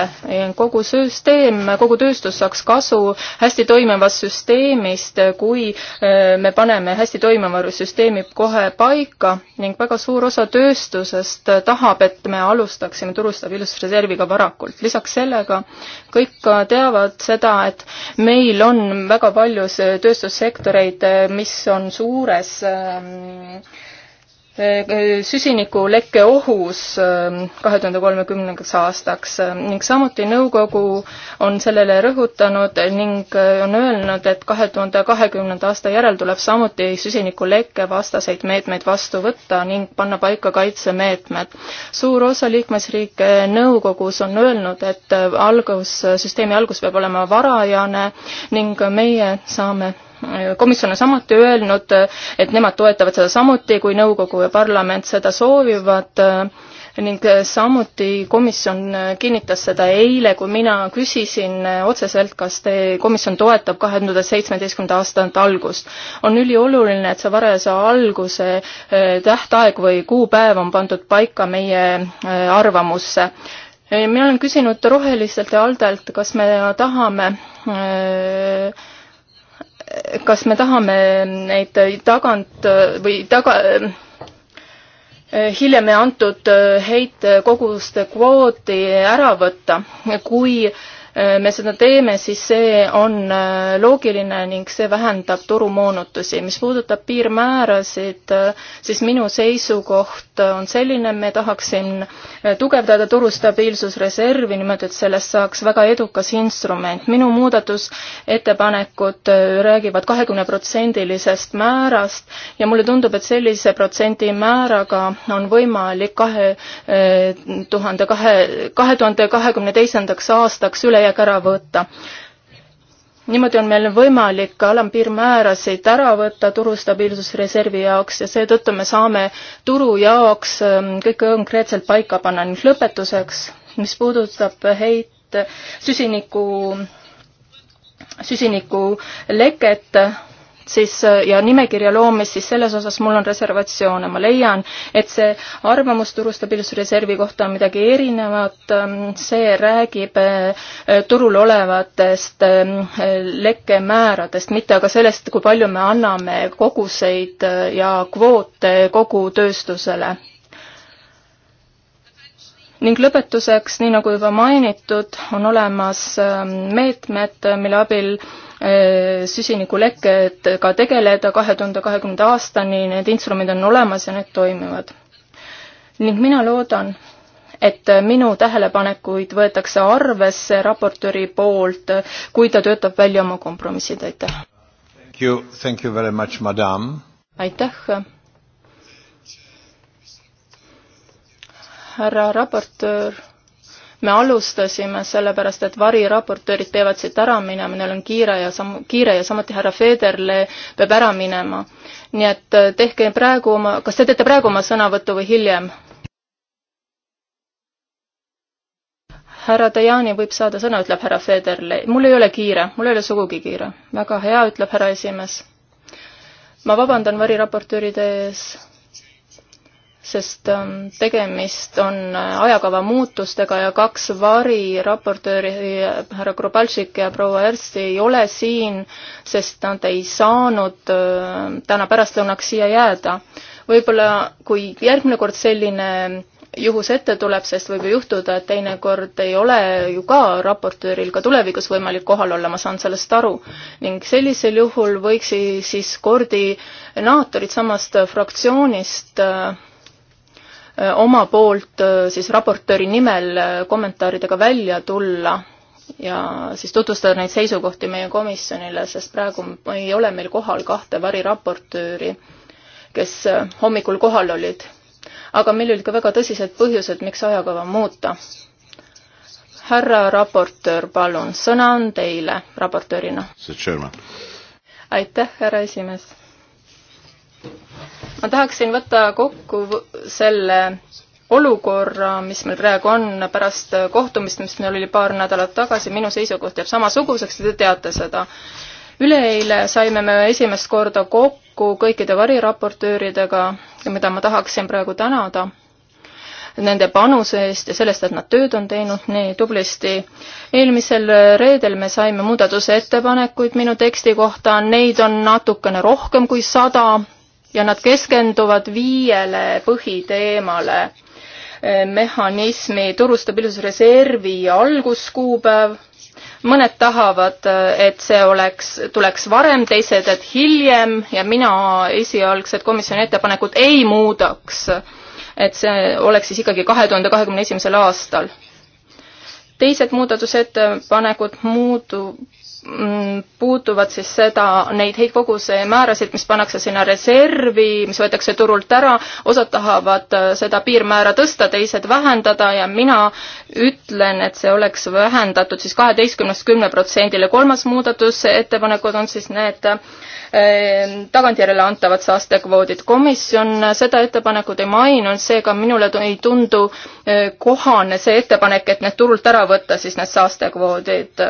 kogu süsteem, kogu tööstus saaks kasu hästi toimivast süsteemist, kui eh, me paneme hästi toimiva süsteemi kohe paika ning väga suur osa tööstusest tahab, et me alustaksime turustabiilsusreserviga varakult. lisaks sellega kõik ka teavad seda, et meil on väga palju tööstussektoreid, mis on suures äh, süsinikulekke ohus ähm, kahe tuhande kolmekümnendaks aastaks ning samuti nõukogu on sellele rõhutanud ning äh, on öelnud, et kahe tuhande kahekümnenda aasta järel tuleb samuti süsinikulekke vastaseid meetmeid vastu võtta ning panna paika kaitsemeetmed. suur osa liikmesriike nõukogus on öelnud, et äh, algus, süsteemi algus peab olema varajane ning meie saame komisjon on samuti öelnud, et nemad toetavad seda samuti, kui nõukogu ja parlament seda soovivad ning samuti komisjon kinnitas seda eile, kui mina küsisin otseselt, kas te, komisjon toetab kahe tuhande seitsmeteistkümnenda aasta algust. on ülioluline, et see varajase alguse eh, tähtaeg või kuupäev on pandud paika meie eh, arvamusse. Eh, mina olen küsinud Rohelistelt ja Aldelt, kas me tahame öö, kas me tahame neid tagant või taga, hiljem antud heitkoguste kvooti ära võtta, kui äh, Äh, me seda teeme, siis see on äh, loogiline ning see vähendab turumoonutusi. mis puudutab piirmäärasid, äh, siis minu seisukoht on selline, me tahaksin tugevdada turu stabiilsusreservi niimoodi, et sellest saaks väga edukas instrument. minu muudatusettepanekud räägivad kahekümneprotsendilisest määrast ja mulle tundub, et sellise protsendimääraga on võimalik kahe tuhande kahe, kahe tuhande kahekümne teisendaks aastaks üle täiega ära võtta. niimoodi on meil võimalik ka alampiirmäärasid ära võtta turu stabiilsusreservi jaoks ja seetõttu me saame turu jaoks ähm, kõik konkreetselt paika panna ning lõpetuseks, mis puudutab heit, süsiniku süsinikuleket, siis äh, ja nimekirja loomist, siis selles osas mul on reservatsioone. ma leian, et see arvamus turu stabiilsusreservi kohta on midagi erinevat, ähm, see räägib äh, turul olevatest ähm, lekkemääradest, mitte aga sellest, kui palju me anname koguseid äh, ja kvoote kogu tööstusele ning lõpetuseks, nii nagu juba mainitud, on olemas ähm, meetmed, mille abil Äh, süsinikulekkega tegeleda kahe tuhande kahekümnenda aastani, need instrumendid on olemas ja need toimivad. ning mina loodan, et minu tähelepanekuid võetakse arvesse raportööri poolt, kui ta töötab välja oma kompromissid, aitäh. Thank you, thank you very much, madam. aitäh. härra raportöör me alustasime sellepärast, et variraportöörid peavad siit ära minema, neil on kiire ja sam-, kiire ja samuti härra Federle peab ära minema. nii et äh, tehke praegu oma, kas te teete praegu oma sõnavõttu või hiljem? härra Dajani võib saada sõna, ütleb härra Federle. mul ei ole kiire, mul ei ole sugugi kiire. väga hea, ütleb härra esimees. ma vabandan variraportööride ees sest ähm, tegemist on äh, ajakava muutustega ja kaks variraportööri, äh, härra Grubaltšik ja proua Erst ei ole siin, sest nad ei saanud äh, täna pärastlõunaks siia jääda. võib-olla kui järgmine kord selline juhus ette tuleb, sest võib ju juhtuda, et teinekord ei ole ju ka raportööril ka tulevikus võimalik kohal olla, ma saan sellest aru. ning sellisel juhul võiks siis koordinaatorid samast fraktsioonist äh, oma poolt siis raportööri nimel kommentaaridega välja tulla ja siis tutvustada neid seisukohti meie komisjonile, sest praegu ei ole meil kohal kahte variraportööri, kes hommikul kohal olid. aga meil olid ka väga tõsised põhjused, miks ajakava muuta. härra raportöör, palun, sõna on teile raportöörina. aitäh, härra esimees ma tahaksin võtta kokku selle olukorra, mis meil praegu on pärast kohtumist, mis meil oli paar nädalat tagasi, minu seisukoht jääb samasuguseks ja te teate seda. üleeile saime me esimest korda kokku kõikide variraportööridega, mida ma tahaksin praegu tänada nende panuse eest ja sellest, et nad tööd on teinud nii tublisti. eelmisel reedel me saime muudatusettepanekuid minu teksti kohta, neid on natukene rohkem kui sada ja nad keskenduvad viiele põhiteemale. mehhanismi turustabiilsusreservi alguskuupäev, mõned tahavad, et see oleks, tuleks varem, teised, et hiljem ja mina esialgset komisjoni ettepanekut ei muudaks. et see oleks siis ikkagi kahe tuhande kahekümne esimesel aastal teised muudatusettepanekud muudu, Mm, puutuvad siis seda, neid heitkoguse määrasid, mis pannakse sinna reservi, mis võetakse turult ära, osad tahavad äh, seda piirmäära tõsta, teised vähendada ja mina ütlen, et see oleks vähendatud siis kaheteistkümnest kümne protsendile. kolmas muudatusettepanekud on siis need äh, tagantjärele antavad saastekvoodid. komisjon seda ettepanekut ei maininud, seega minule ei tundu äh, kohane see ettepanek, et need turult ära võtta, siis need saastekvoodid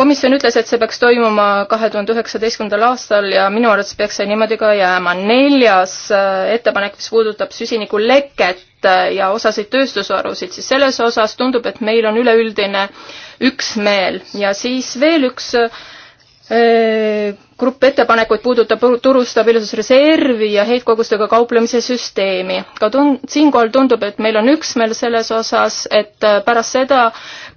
komisjon ütles, et see peaks toimuma kahe tuhande üheksateistkümnendal aastal ja minu arvates peaks see niimoodi ka jääma. neljas äh, ettepanek, mis puudutab süsinikuleket äh, ja osasid tööstusvarusid, siis selles osas tundub, et meil on üleüldine üksmeel ja siis veel üks äh, Äh, grupp ettepanekuid puudutab turu stabiilsusreservi ja heitkogustega kauplemise süsteemi. ka tun-, siinkohal tundub, et meil on üksmeel selles osas, et äh, pärast seda,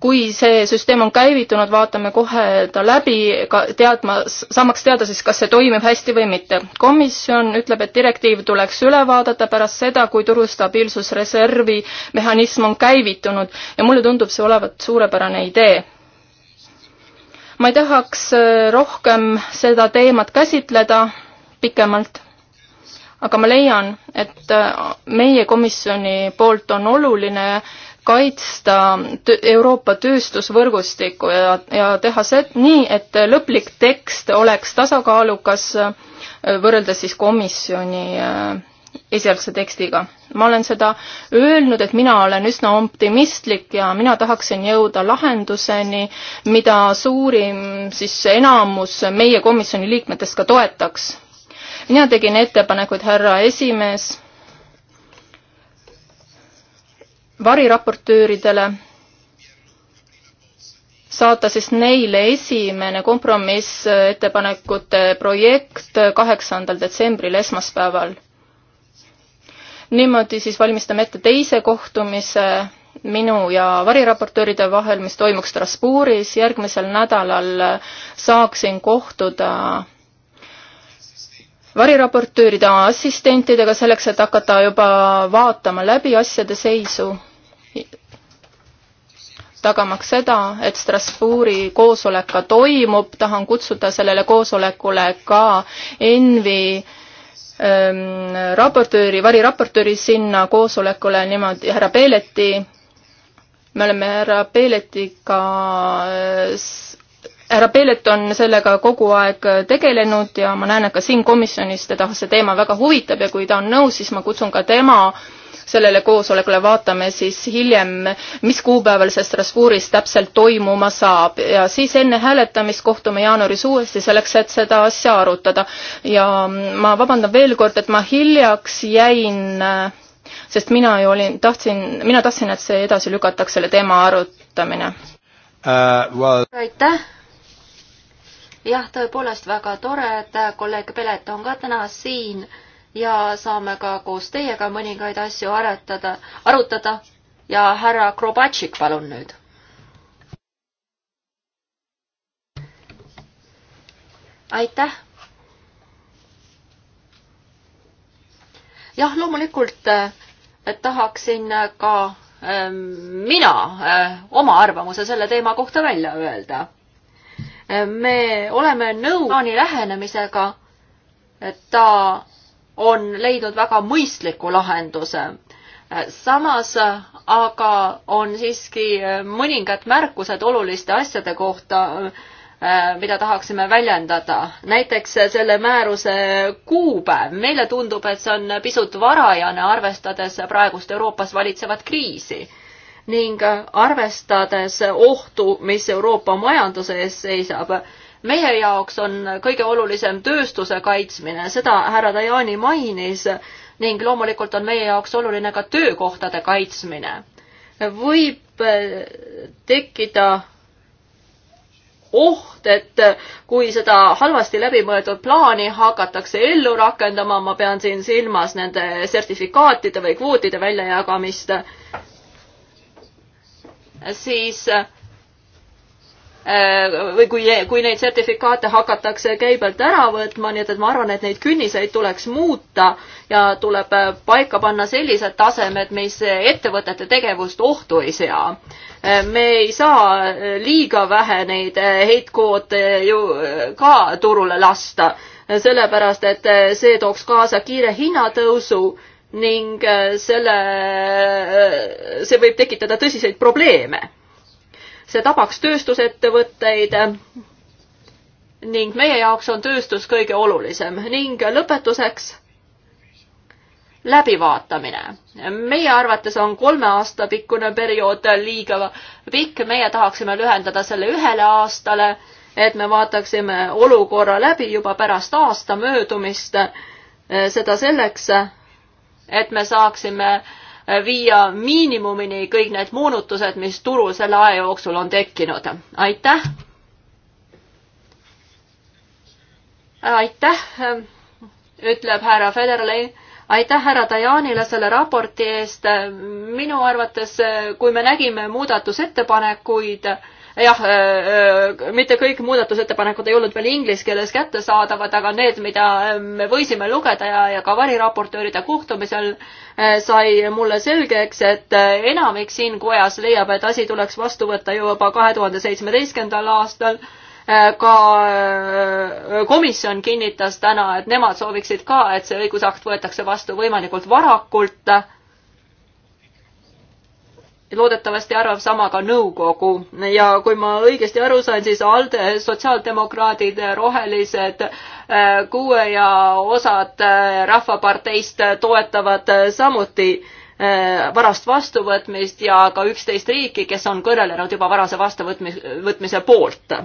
kui see süsteem on käivitunud, vaatame kohe ta läbi, ka teadma, saamaks teada siis, kas see toimib hästi või mitte. komisjon ütleb, et direktiiv tuleks üle vaadata pärast seda, kui turu stabiilsusreservi mehhanism on käivitunud ja mulle tundub see olevat suurepärane idee ma ei tahaks äh, rohkem seda teemat käsitleda pikemalt, aga ma leian, et äh, meie komisjoni poolt on oluline kaitsta Euroopa tööstusvõrgustikku ja, ja teha see nii, et lõplik tekst oleks tasakaalukas äh, võrreldes siis komisjoni esialgse tekstiga. ma olen seda öelnud, et mina olen üsna optimistlik ja mina tahaksin jõuda lahenduseni, mida suurim siis enamus meie komisjoni liikmetest ka toetaks. mina tegin ettepanekuid, härra esimees, variraportööridele saata siis neile esimene kompromissettepanekute projekt kaheksandal detsembril esmaspäeval niimoodi siis valmistame ette teise kohtumise minu ja variraportööride vahel, mis toimuks Strasbourgis, järgmisel nädalal saaksin kohtuda variraportööride assistentidega selleks, et hakata juba vaatama läbi asjade seisu, tagamaks seda, et Strasbourgi koosolek ka toimub, tahan kutsuda sellele koosolekule ka ENVi raportööri, variraportööri sinna koosolekule niimoodi, härra Peeleti, me oleme härra Peeletiga, härra Peelet on sellega kogu aeg tegelenud ja ma näen, et ka siin komisjonis teda see teema väga huvitab ja kui ta on nõus, siis ma kutsun ka tema äh, sellele koosolekule, vaatame siis hiljem, mis kuupäeval see Strasbourgis täpselt toimuma saab ja siis enne hääletamist kohtume jaanuaris uuesti selleks, et seda asja arutada. ja ma vabandan veel kord, et ma hiljaks jäin, sest mina ju olin, tahtsin, mina tahtsin, et see edasi lükataks, selle teema arutamine uh,. Well... aitäh jah, tõepoolest väga tore, et kolleeg Pelet on ka täna siin ja saame ka koos teiega mõningaid asju aretada, arutada ja härra Krobatšik, palun nüüd. aitäh. jah, loomulikult äh, tahaksin ka ähm, mina äh, oma arvamuse selle teema kohta välja öelda. Äh, me oleme nõu plaani lähenemisega, ta on leidnud väga mõistliku lahenduse. samas aga on siiski mõningad märkused oluliste asjade kohta, mida tahaksime väljendada. näiteks selle määruse kuupäev. meile tundub, et see on pisut varajane, arvestades praegust Euroopas valitsevat kriisi ning arvestades ohtu, mis Euroopa majanduse ees seisab meie jaoks on kõige olulisem tööstuse kaitsmine, seda härra Dajani mainis ning loomulikult on meie jaoks oluline ka töökohtade kaitsmine. võib eh, tekkida oht, et kui seda halvasti läbimõeldud plaani hakatakse ellu rakendama, ma pean siin silmas nende sertifikaatide või kvootide väljajagamist, siis äh, Äh, või kui, kui neid sertifikaate hakatakse käibelt ära võtma, nii et, et ma arvan, et neid künniseid tuleks muuta ja tuleb äh, paika panna sellised tasemed, mis ettevõtete tegevust ohtu ei sea. Äh, me ei saa liiga vähe neid heitkvoote ju ka turule lasta, sellepärast et see tooks kaasa kiire hinnatõusu ning selle, see võib tekitada tõsiseid probleeme see tabaks tööstusettevõtteid ning meie jaoks on tööstus kõige olulisem ning lõpetuseks läbivaatamine. meie arvates on kolme aasta pikkune periood liiga pikk, meie tahaksime lühendada selle ühele aastale, et me vaataksime olukorra läbi juba pärast aasta möödumist, seda selleks, et me saaksime äh, Äh, viia miinimumini kõik need moonutused, mis turul selle aja jooksul on tekkinud. aitäh! aitäh, äh, ütleb härra Federley. aitäh härra Dajanile selle raporti eest. minu arvates, äh, kui me nägime muudatusettepanekuid, jah, äh, äh, mitte kõik muudatusettepanekud ei olnud veel inglise keeles kättesaadavad, aga need, mida äh, me võisime lugeda ja, ja ka variraportööride kohtumisel sai mulle selgeks, et enamik siin kojas leiab, et asi tuleks vastu võtta juba kahe tuhande seitsmeteistkümnendal aastal ka komisjon kinnitas täna, et nemad sooviksid ka, et see õigusakt võetakse vastu võimalikult varakult loodetavasti arvab sama ka nõukogu ja kui ma õigesti aru sain, siis ALDE, sotsiaaldemokraadid, rohelised, äh, kuue ja osad äh, Rahvaparteist toetavad äh, samuti varast vastuvõtmist ja ka üksteist riiki, kes on kõnelenud juba varase vastuvõtmise poolt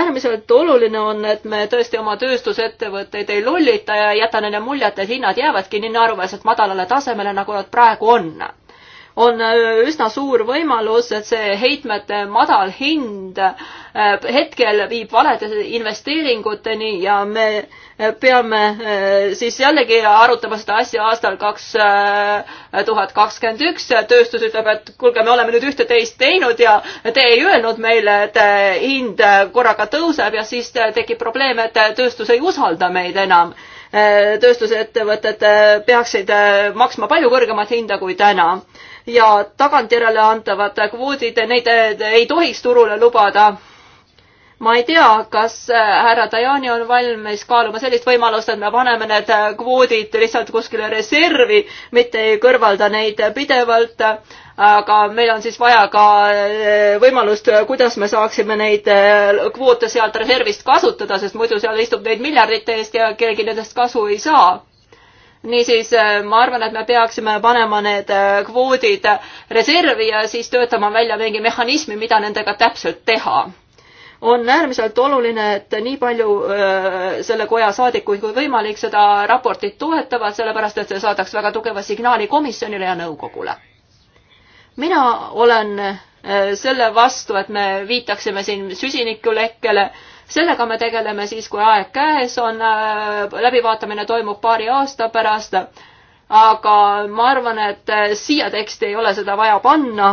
äärmiselt oluline on, et me tõesti oma tööstusettevõtteid ei lollita ja jäta neile muljet, et hinnad jäävadki nii naeruväärselt madalale tasemele, nagu nad praegu on on äh, üsna suur võimalus, et see heitmete madal hind äh, hetkel viib valede investeeringuteni ja me äh, peame siis jällegi arutama seda asja aastal kaks tuhat kakskümmend üks. tööstus ütleb, et kuulge, me oleme nüüd ühte-teist teinud ja te ei öelnud meile, et hind korraga tõuseb ja siis tekib probleem, et tööstus ei usalda meid enam tööstusettevõtted peaksid maksma palju kõrgemat hinda kui täna ja tagantjärele antavad kvoodid, neid ei tohiks turule lubada. ma ei tea, kas äh, härra Tajani on valmis kaaluma sellist võimalust, et me paneme need kvoodid lihtsalt kuskile reservi, mitte ei kõrvalda neid pidevalt, aga meil on siis vaja ka äh, võimalust, kuidas me saaksime neid äh, kvoote sealt reservist kasutada, sest muidu seal istub neid miljardite eest ja keegi nendest kasu ei saa niisiis äh, ma arvan, et me peaksime panema need äh, kvoodid reservi ja siis töötama välja mingi mehhanismi, mida nendega täpselt teha. on äärmiselt oluline, et nii palju äh, selle koja saadikuid kui võimalik seda raportit toetavad, sellepärast et see saadaks väga tugeva signaali komisjonile ja nõukogule. mina olen selle vastu, et me viitaksime siin süsinikulekkele sellega me tegeleme siis, kui aeg käes on, äh, läbivaatamine toimub paari aasta pärast. aga ma arvan, et äh, siia teksti ei ole seda vaja panna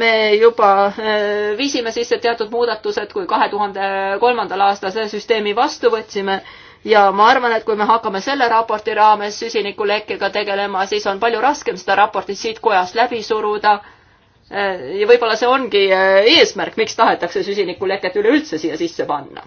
me juba äh, viisime sisse teatud muudatused, kui kahe tuhande kolmandal aastal selle süsteemi vastu võtsime ja ma arvan, et kui me hakkame selle raporti raames süsinikulekkega tegelema, siis on palju raskem seda raportit siit kojast läbi suruda Äh, ja võib-olla see ongi äh, eesmärk, miks tahetakse süsinikuleket üleüldse siia sisse panna.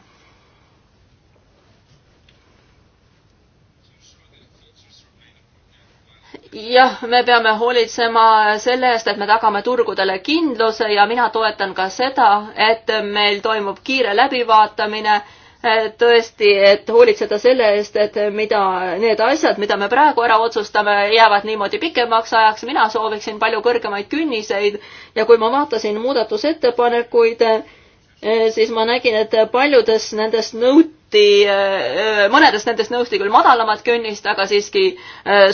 jah, me peame hoolitsema selle eest, et me tagame turgudele kindluse ja mina toetan ka seda, et meil toimub kiire läbivaatamine Eh, tõesti, et hoolitseda selle eest, et mida, need asjad, mida me praegu ära otsustame, jäävad niimoodi pikemaks ajaks, mina sooviksin palju kõrgemaid künniseid ja kui ma vaatasin muudatusettepanekuid, eh, siis ma nägin, et paljudes nendest nõuti, eh, mõnedest nendest nõuti küll madalamat künnist, aga siiski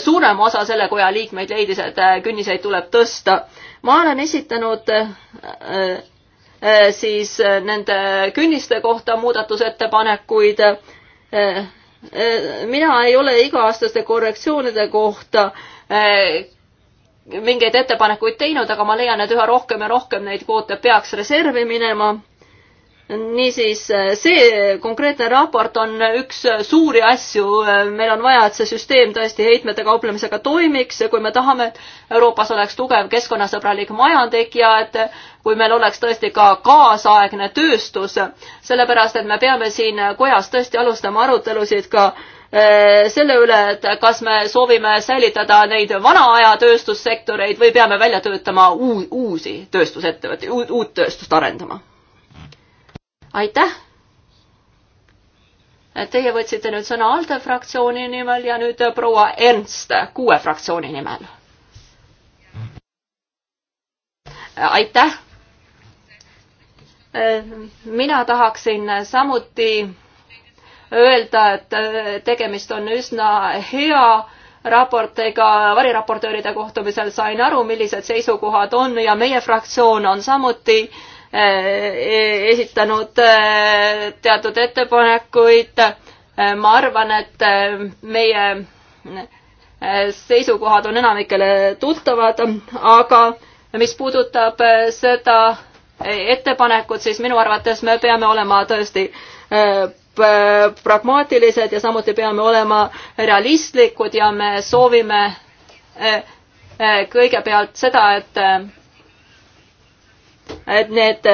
suurem osa selle koja liikmeid leidis, et künniseid tuleb tõsta. ma olen esitanud Eh, siis eh, nende künniste kohta muudatusettepanekuid. Eh, mina ei ole iga-aastaste korrektsioonide kohta mingeid ettepanekuid teinud, aga ma leian, et üha rohkem ja rohkem neid kvoote peaks reservi minema niisiis, see konkreetne raport on üks suuri asju, meil on vaja, et see süsteem tõesti heitmete kauplemisega toimiks ja kui me tahame, et Euroopas oleks tugev keskkonnasõbralik majandus ja et kui meil oleks tõesti ka kaasaegne tööstus, sellepärast et me peame siin kojas tõesti alustama arutelusid ka eh, selle üle, et kas me soovime säilitada neid vana aja tööstussektoreid või peame välja töötama uusi tööstusettevõtteid, uut tööstust arendama aitäh! Teie võtsite nüüd sõna ALDE fraktsiooni nimel ja nüüd proua Ernst kuue fraktsiooni nimel. aitäh! mina tahaksin samuti öelda, et tegemist on üsna hea raportiga variraportööride kohtumisel sain aru, millised seisukohad on ja meie fraktsioon on samuti äh, Eh, esitanud eh, teatud ettepanekuid. Eh, ma arvan, et meie seisukohad on enamikele tuttavad, aga mis puudutab seda ettepanekut, siis minu arvates me peame olema tõesti pragmaatilised ja samuti peame olema realistlikud ja me soovime kõigepealt seda, et et need äh,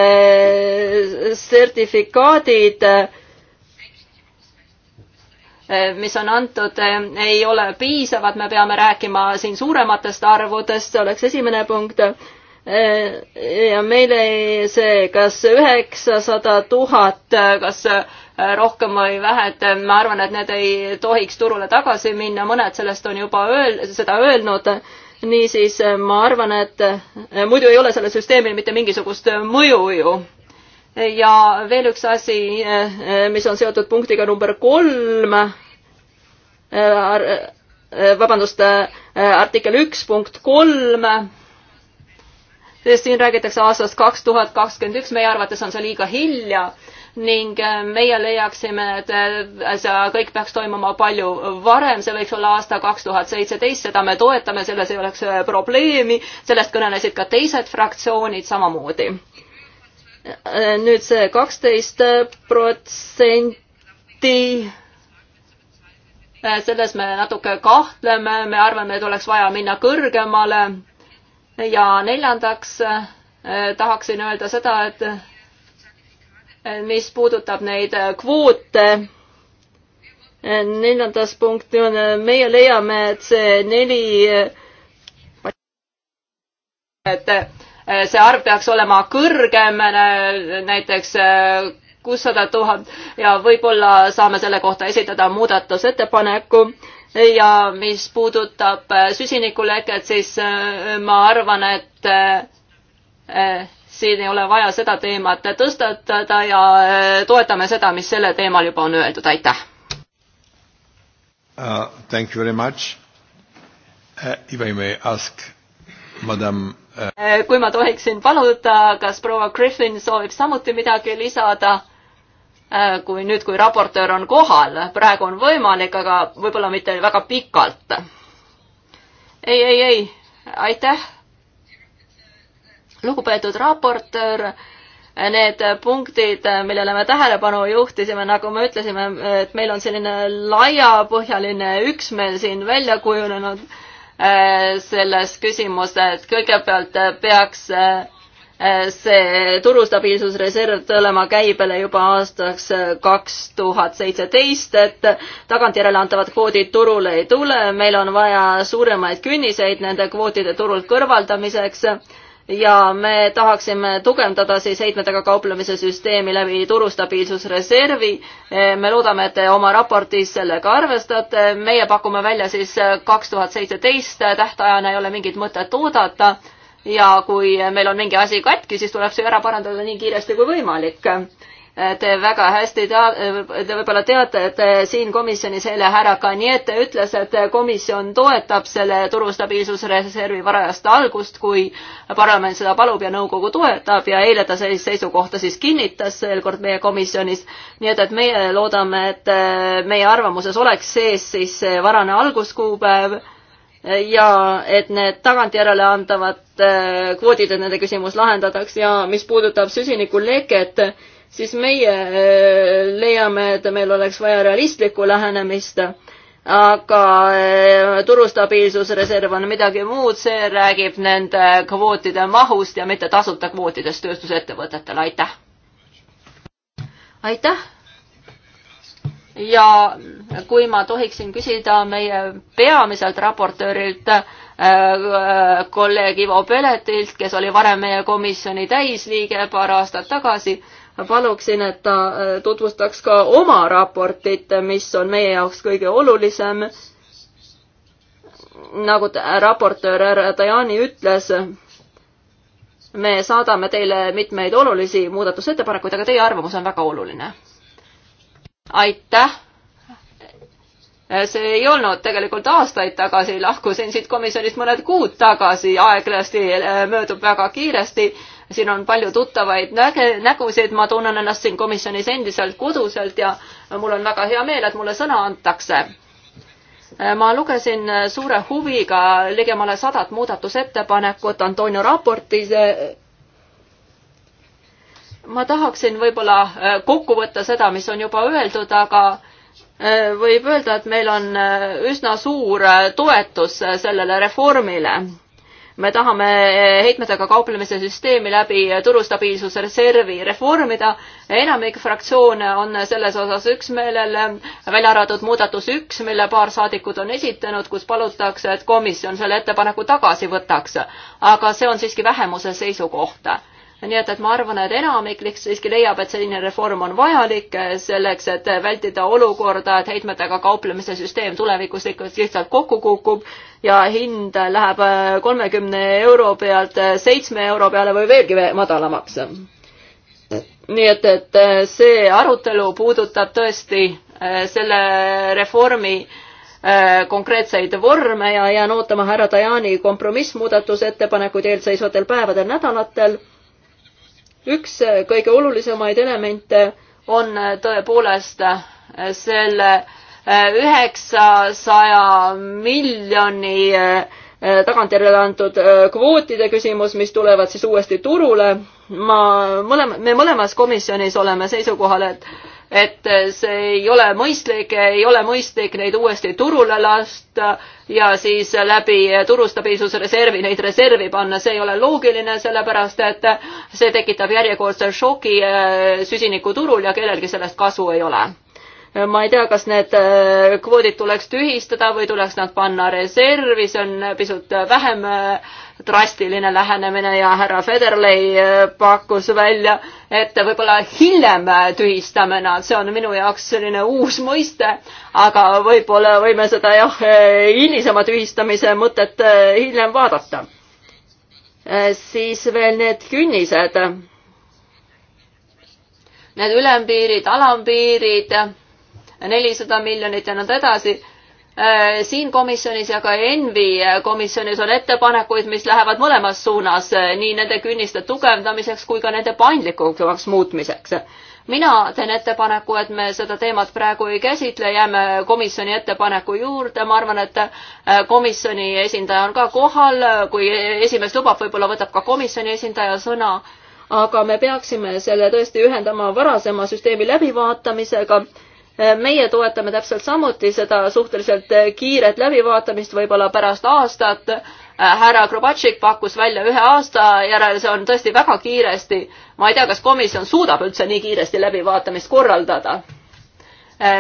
sertifikaadid, äh, mis on antud, äh, ei ole piisavad, me peame rääkima siin suurematest arvudest, see oleks esimene punkt. ja meile see, kas üheksasada tuhat, kas rohkem või vähem, ma arvan, et need ei tohiks turule tagasi minna, mõned sellest on juba öel-, seda öelnud niisiis äh, ma arvan, et äh, muidu ei ole sellel süsteemil mitte mingisugust äh, mõju ju. ja veel üks asi, mis on seotud punktiga number kolm, vabandust, artikkel üks punkt kolm, sest siin räägitakse aastast kaks tuhat kakskümmend üks, meie arvates on see liiga hilja ning äh, meie leiaksime, et äh, see kõik peaks toimuma palju varem, see võiks olla aasta kaks tuhat seitseteist, seda me toetame, selles ei oleks äh, probleemi, sellest kõnelesid ka teised fraktsioonid samamoodi. nüüd see kaksteist protsenti selles me natuke kahtleme, me arvame, et oleks vaja minna kõrgemale. ja neljandaks tahaksin öelda seda, et mis puudutab neid äh, kvoote. Äh, neljandas punkt on, äh, meie leiame, et see neli, et see arv peaks olema kõrgem, näiteks kuussada tuhat ja võib-olla saame selle kohta esitada muudatusettepaneku ja mis puudutab süsinikuleket, siis ma arvan, et siin ei ole vaja seda teemat tõstatada ja eh, toetame seda, mis sellel teemal juba on öeldud, aitäh uh,. Thank you very much uh,. If I may ask, madam uh.... Eh, kui ma tohiksin paluda, kas proua Griffin soovib samuti midagi lisada uh,? kui nüüd, kui raportöör on kohal, praegu on võimalik, aga võib-olla mitte väga pikalt. ei, ei, ei, aitäh lugupeetud raportöör, need punktid, millele me tähelepanu juhtisime, nagu me ütlesime, et meil on selline laiapõhjaline üksmeel siin välja kujunenud eh, selles küsimuses, kõigepealt peaks eh, see turustabiilsusreserv tulema käibele juba aastaks eh, kaks tuhat seitseteist, et tagantjärele antavad kvoodid turule ei tule, meil on vaja suuremaid künniseid nende kvootide turult kõrvaldamiseks ja me tahaksime tugevdada siis heitmetega kauplemise süsteemi läbi turustabiilsusreservi. E, me loodame, et te oma raportis sellega arvestate. meie pakume välja siis kaks tuhat seitseteist, tähtajana ei ole mingit mõtet oodata ja kui meil on mingi asi katki, siis tuleb see ära parandada nii kiiresti kui võimalik Te väga hästi tea-, te võib-olla teate, et siin komisjonis eile härra Kaniete ütles, et komisjon toetab selle turustabiilsusreservi varajast algust, kui parlament seda palub ja nõukogu toetab ja eile ta sellist seisukohta siis kinnitas veel kord meie komisjonis. nii et, et meie loodame, et meie arvamuses oleks sees siis see varane alguskuupäev ja et need tagantjärele antavad kvoodid, et nende küsimus lahendatakse ja mis puudutab süsinikuleket, siis meie äh, leiame, et meil oleks vaja realistlikku lähenemist, aga äh, turustabiilsusreserv on midagi muud, see räägib nende kvootide mahust ja mitte tasuta kvootidest tööstusettevõtetele, aitäh! aitäh! ja kui ma tohiksin küsida meie peamiselt raportöörilt äh,, kolleeg Ivo Peletilt, kes oli varem meie komisjoni täisliige paar aastat tagasi äh,, paluksin, et ta äh, tutvustaks ka oma raportit, mis on meie jaoks kõige olulisem. nagu raportöör härra Tajani ütles, me saadame teile mitmeid olulisi muudatusettepanekuid, aga teie arvamus on väga oluline. aitäh! see ei olnud tegelikult aastaid tagasi, lahkusin siit komisjonist mõned kuud tagasi, aeglasti äh, möödub väga kiiresti siin on palju tuttavaid näge-, nägusid, ma tunnen ennast siin komisjonis endiselt koduselt ja mul on väga hea meel, et mulle sõna antakse. ma lugesin suure huviga ligemale sadat muudatusettepanekut Antonio raportis ma tahaksin võib-olla kokku võtta seda, mis on juba öeldud, aga võib öelda, et meil on üsna suur toetus sellele reformile me tahame eh, heitmetega kauplemise süsteemi läbi turustabiilsuse reservi reformida. enamik fraktsioone on selles osas üksmeelel, välja arvatud muudatus üks, mille paar saadikut on esitanud, kus palutakse, et komisjon selle ettepaneku tagasi võtaks. aga see on siiski vähemuse seisukoht nii et, et ma arvan, et enamik siiski leiab, et selline reform on vajalik eh, selleks, et eh, vältida olukorda, et heitmetega kauplemise süsteem tulevikus lihtsalt kokku kukub ja hind läheb eh, kolmekümne euro pealt seitsme euro peale või veelgi madalamaks. nii et, et see arutelu puudutab tõesti selle reformi konkreetseid vorme ja jään ootama härra Tajani kompromissmuudatusettepanekuid eelseisvatel päevadel, nädalatel üks äh, kõige olulisemaid elemente on äh, tõepoolest äh, selle üheksasaja miljoni tagantjärele antud kvootide küsimus, mis tulevad siis uuesti turule. ma mõlema, me mõlemas komisjonis oleme seisukohal, et et see ei ole mõistlik, ei ole mõistlik neid uuesti turule lasta ja siis läbi turustabiilsuse reservi neid reservi panna, see ei ole loogiline, sellepärast et see tekitab järjekordse šoki eh, süsinikuturul ja kellelgi sellest kasu ei ole ma ei tea, kas need äh, kvoodid tuleks tühistada või tuleks nad panna reservi, see on pisut vähem äh, drastiline lähenemine ja härra Federley äh, pakkus välja, et võib-olla hiljem tühistame nad, see on minu jaoks selline uus mõiste, aga võib-olla võime seda jah, hilisema tühistamise mõtet hiljem vaadata. siis veel need künnised. Need ülempiirid, alampiirid nelisada miljonit ja nõnda edasi. Äh, siin komisjonis ja ka ENVI äh, komisjonis on ettepanekuid, mis lähevad mõlemas suunas, äh, nii nende künniste tugevdamiseks kui ka nende paindlikumaks muutmiseks mina teen ettepaneku, et me seda teemat praegu ei käsitle, jääme komisjoni ettepaneku juurde, ma arvan, et komisjoni esindaja on ka kohal, kui esimees lubab, võib-olla võtab ka komisjoni esindaja sõna, aga me peaksime selle tõesti ühendama varasema süsteemi läbivaatamisega meie toetame täpselt samuti seda suhteliselt kiiret läbivaatamist, võib-olla pärast aastat. härra Krobatšik pakkus välja ühe aasta järel, see on tõesti väga kiiresti. ma ei tea, kas komisjon suudab üldse nii kiiresti läbivaatamist korraldada.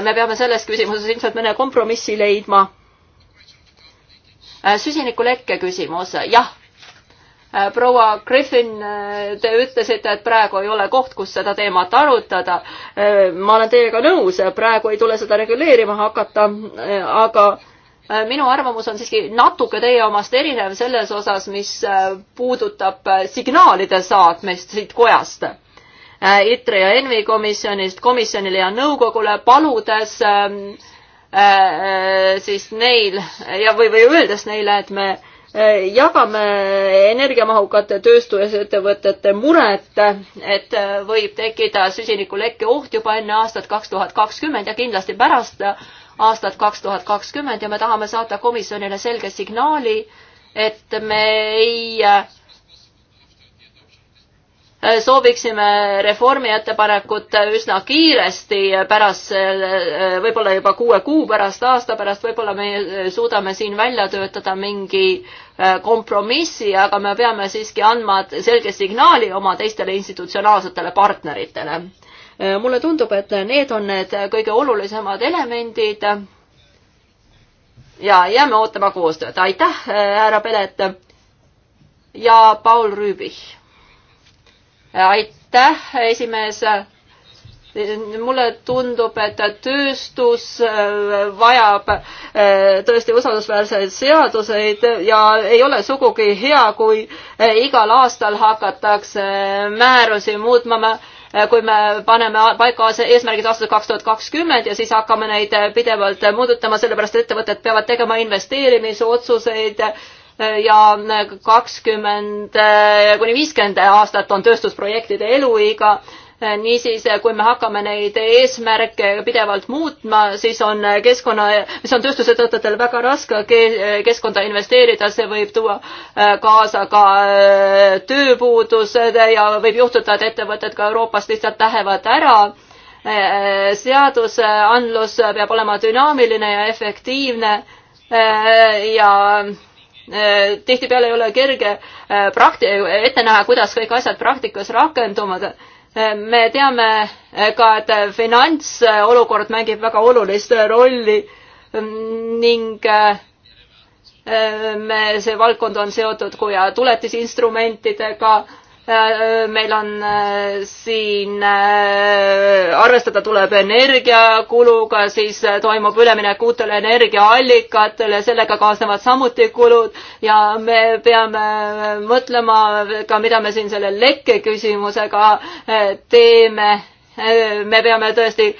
me peame selles küsimuses ilmselt mõne kompromissi leidma. süsinikulekke küsimus, jah Äh, proua Griffin, äh, te ütlesite, et praegu ei ole koht, kus seda teemat arutada. Äh, ma olen teiega nõus, praegu ei tule seda reguleerima hakata, aga minu arvamus on siiski natuke teie omast erinev selles osas, mis puudutab signaalide saatmist siit kojast. ITRE ja ENVI komisjonist komisjonile ja nõukogule paludes ähm, äh, äh, siis neil ja, või, või öeldes neile, et me äh, jagame energiamahukate tööstusettevõtete muret, et võib tekkida süsinikulekke oht juba enne aastat kaks tuhat kakskümmend ja kindlasti pärast aastat kaks tuhat kakskümmend ja me tahame saata komisjonile selge signaali, et me ei äh, sooviksime reformi ettepanekut üsna kiiresti pärast, äh, võib-olla juba kuue kuu pärast, aasta pärast, võib-olla me suudame siin välja töötada mingi äh, Äh, kompromissi, aga me peame siiski andma selge signaali oma teistele institutsionaalsetele partneritele. Äh, mulle tundub, et need on need kõige olulisemad elemendid. ja jääme ootama koostööd. aitäh, äh, härra Pelet ja Paul Rüübich. aitäh, esimees mulle tundub, et tööstus äh, vajab äh, tõesti usaldusväärseid seaduseid ja ei ole sugugi hea, kui äh, igal aastal hakatakse määrusi muutma kui me paneme paika eesmärgid aastaks kaks tuhat kakskümmend ja siis hakkame neid pidevalt muudutama, sellepärast et ettevõtted peavad tegema investeerimisotsuseid ja kakskümmend kuni viiskümmend aastat on tööstusprojektide eluiga niisiis, kui me hakkame neid eesmärke pidevalt muutma, siis on keskkonna, siis on tööstusettevõtetel väga raske keskkonda investeerida, see võib tuua äh, kaasa ka äh, tööpuudused ja võib juhtuda, et ettevõtted ka Euroopast lihtsalt lähevad ära äh, seadusandlus peab olema dünaamiline ja efektiivne ja tihtipeale ei ole kerge prakti-, ette näha, kuidas kõik asjad praktikas rakenduvad me teame ka, et finantsolukord mängib väga olulist rolli ning eh, me, see valdkond on seotud ka tuletisinstrumentidega Äh, äh, meil on äh, siin, arvestada tuleb energiakuluga, siis toimub üleminek uutele energiaallikatele, sellega kaasnevad samuti kulud ja me peame mõtlema ka, mida me siin selle lekke küsimusega teeme. me peame tõesti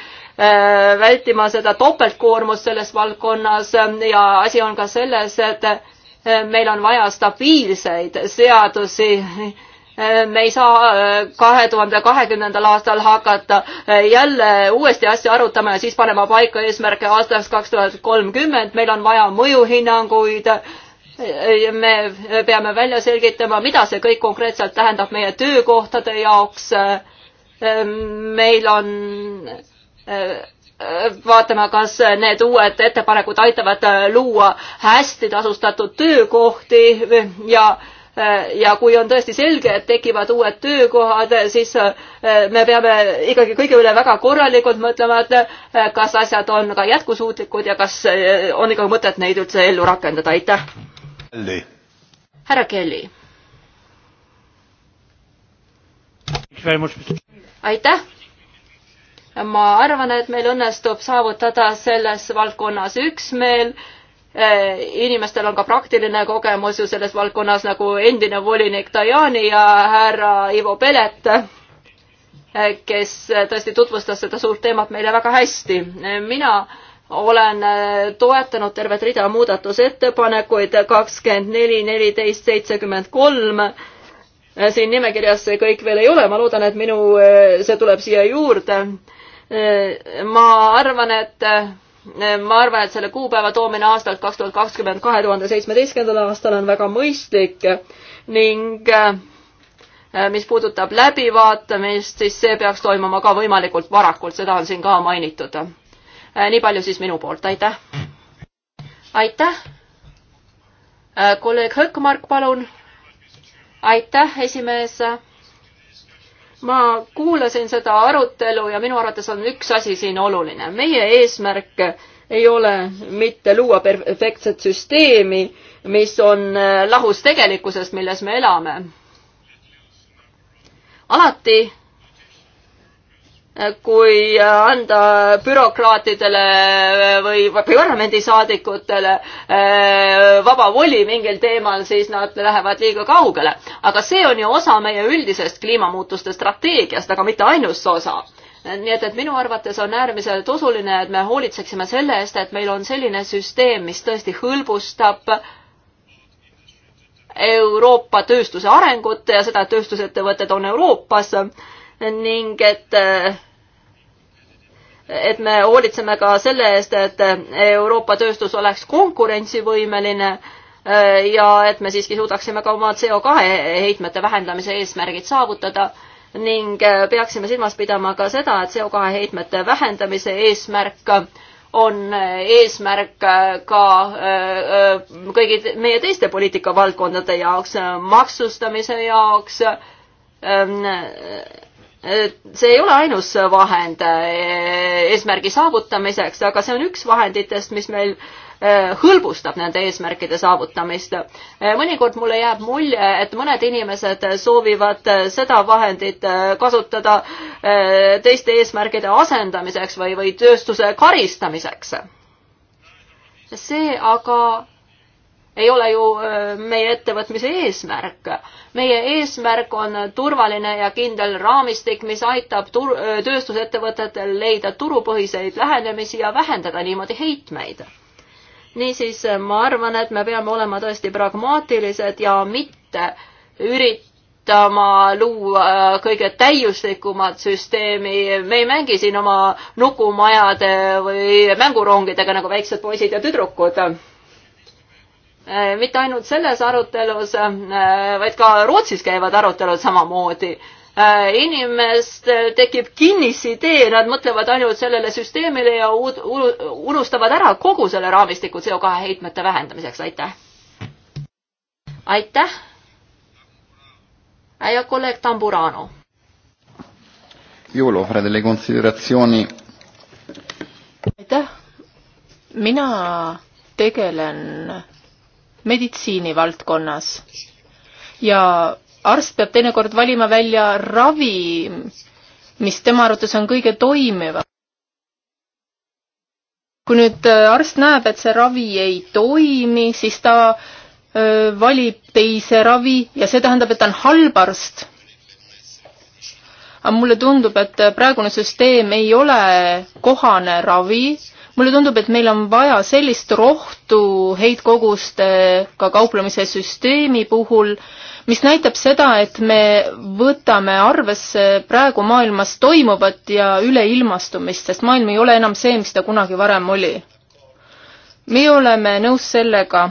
vältima seda topeltkoormust selles valdkonnas ja asi on ka selles, et meil on vaja stabiilseid seadusi me ei saa äh, kahe tuhande kahekümnendal aastal hakata äh, jälle uuesti asja arutama ja siis panema paika eesmärke aastaks kaks tuhat kolmkümmend, meil on vaja mõjuhinnanguid. Äh, me peame välja selgitama, mida see kõik konkreetselt tähendab meie töökohtade jaoks. meil on vaatama, kas need uued ettepanekud aitavad luua hästi tasustatud töökohti ja äh, Äh, ja kui on tõesti selge, et tekivad uued töökohad, äh, siis äh, me peame ikkagi kõige üle väga korralikult mõtlema, et kas asjad on ka jätkusuutlikud ja kas on ikka mõtet neid üldse ellu rakendada, aitäh. härra Kelly. aitäh. ma arvan, et meil õnnestub saavutada selles valdkonnas üksmeel Eh, inimestel on ka praktiline kogemus ju selles valdkonnas nagu endine volinik Tajani ja härra Ivo Pelet, eh, kes tõesti tutvustas seda suurt teemat meile väga hästi. mina olen eh, toetanud tervet rida muudatusettepanekuid kakskümmend neli, neliteist, seitsekümmend kolm. siin nimekirjas see kõik veel ei ole, ma loodan, et minu, see tuleb siia juurde. ma arvan, et ma arvan, et selle kuupäeva toomine aastalt kaks tuhat kakskümmend kahe tuhande seitsmeteistkümnendal aastal on väga mõistlik ning äh, mis puudutab läbivaatamist, siis see peaks toimuma ka võimalikult varakult, seda on siin ka mainitud. Äh, nii palju siis minu poolt, aitäh. aitäh. Äh, kolleeg Höökmark, palun. aitäh, esimees ma kuulasin seda arutelu ja minu arvates on üks asi siin oluline. meie eesmärk ei ole mitte luua perfektset süsteemi, mis on äh, lahus tegelikkusest, milles me elame. alati kui anda bürokraatidele või parlamendisaadikutele eh, vaba voli mingil teemal, siis nad lähevad liiga kaugele. aga see on ju osa meie üldisest kliimamuutuste strateegiast, aga mitte ainus osa. nii et, et minu arvates on äärmiselt usuline, et me hoolitseksime selle eest, et meil on selline süsteem, mis tõesti hõlbustab Euroopa tööstuse arengut ja seda, et tööstusettevõtted on Euroopas ning et eh, et me hoolitseme ka selle eest, et Euroopa tööstus oleks konkurentsivõimeline äh, ja et me siiski suudaksime ka oma CO2 heitmete vähendamise eesmärgid saavutada ning äh, peaksime silmas pidama ka seda, et CO2 heitmete vähendamise eesmärk on äh, eesmärk ka kõigi meie teiste poliitikavaldkondade jaoks, maksustamise jaoks, ähm, see ei ole ainus vahend eh, eesmärgi saavutamiseks, aga see on üks vahenditest, mis meil eh, hõlbustab nende eesmärkide saavutamist. Eh, mõnikord mulle jääb mulje, et mõned inimesed soovivad seda vahendit kasutada teiste eesmärkide asendamiseks või, või tööstuse karistamiseks. see aga ei ole ju äh, meie ettevõtmise eesmärk. meie eesmärk on turvaline ja kindel raamistik, mis aitab tur-, äh, tööstusettevõtetel leida turupõhiseid lähenemisi ja vähendada niimoodi heitmeid. niisiis, äh, ma arvan, et me peame olema tõesti pragmaatilised ja mitte üritama luua kõige täiuslikumat süsteemi, me ei mängi siin oma nukumajade või mängurongidega nagu väiksed poisid ja tüdrukud Äh, mitte ainult selles arutelus, äh, vaid ka Rootsis käivad arutelud samamoodi. Äh, inimestel tekib kinnisidee, nad mõtlevad ainult sellele süsteemile ja unustavad ära kogu selle raamistiku CO2 heitmete vähendamiseks, aitäh. aitäh. ja kolleeg Tamburano. Jõulu, Fredele konsideratsiooni. aitäh. mina tegelen meditsiinivaldkonnas ja arst peab teinekord valima välja ravi, mis tema arvates on kõige toimivam. kui nüüd äh, arst näeb, et see ravi ei toimi, siis ta öö, äh, valib teise ravi ja see tähendab, et ta on halb arst. aga mulle tundub, et äh, praegune süsteem ei ole kohane ravi mulle tundub, et meil on vaja sellist rohtu heitkogustega ka kauplemise süsteemi puhul, mis näitab seda, et me võtame arvesse praegu maailmas toimuvat ja üleilmastumist, sest maailm ei ole enam see, mis ta kunagi varem oli. meie oleme nõus sellega,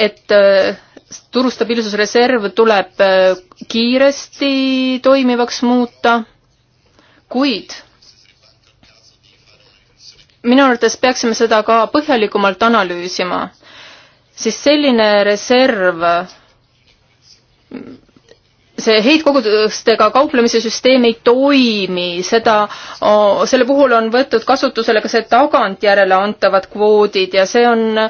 et äh, turu stabiilsusreserv tuleb äh, kiiresti toimivaks muuta, kuid minu arvates peaksime seda ka põhjalikumalt analüüsima, siis selline reserv, see heitkogustega kauplemise süsteem ei toimi, seda, selle puhul on võetud kasutusele ka see tagantjärele antavad kvoodid ja see on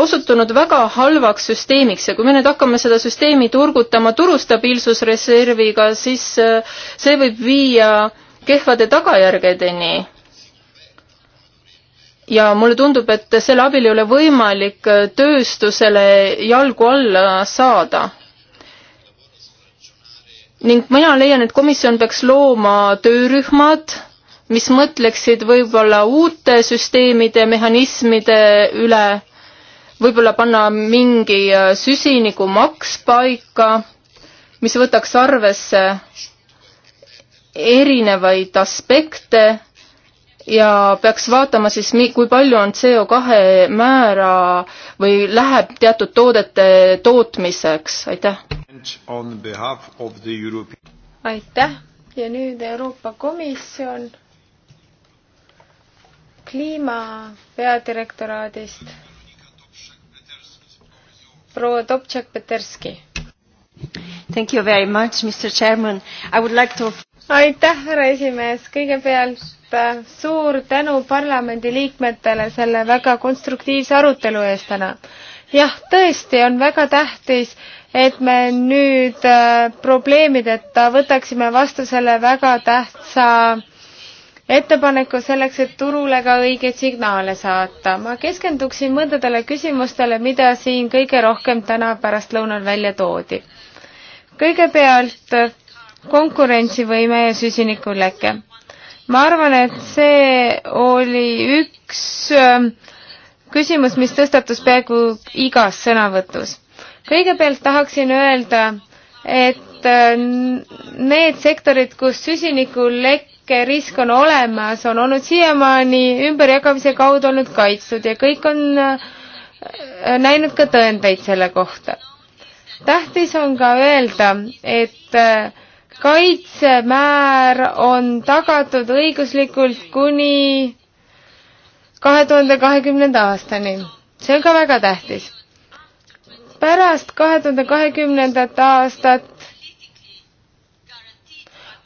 osutunud väga halvaks süsteemiks ja kui me nüüd hakkame seda süsteemi turgutama turustabiilsusreserviga, siis see võib viia kehvade tagajärgedeni ja mulle tundub, et selle abil ei ole võimalik tööstusele jalgu alla saada. ning mina leian, et komisjon peaks looma töörühmad, mis mõtleksid võib-olla uute süsteemide, mehhanismide üle, võib-olla panna mingi äh, süsinikumaks paika, mis võtaks arvesse erinevaid aspekte ja peaks vaatama siis, kui palju on CO2 määra või läheb teatud toodete tootmiseks, aitäh. aitäh ja nüüd Euroopa Komisjon kliima peadirektoraadist. proua Topšak-Peterski. Thank you very much, Mr Chairman, I would like to aitäh, härra esimees, kõigepealt äh, suur tänu parlamendiliikmetele selle väga konstruktiivse arutelu eest täna. jah, tõesti on väga tähtis, et me nüüd äh, probleemideta võtaksime vastu selle väga tähtsa ettepaneku selleks, et turule ka õigeid signaale saata. ma keskenduksin mõndadele küsimustele, mida siin kõige rohkem täna pärastlõunal välja toodi. kõigepealt konkurentsivõime ja süsinikuleke. ma arvan, et see oli üks ähm, küsimus, mis tõstatus peaaegu igas sõnavõtus. kõigepealt tahaksin öelda, et äh, need sektorid, kus süsinikulekke risk on olemas, on olnud siiamaani ümberjagamise kaudu olnud kaitstud ja kõik on äh, näinud ka tõendeid selle kohta. tähtis on ka öelda, et äh, kaitsemäär on tagatud õiguslikult kuni kahe tuhande kahekümnenda aastani. see on ka väga tähtis. pärast kahe tuhande kahekümnendat aastat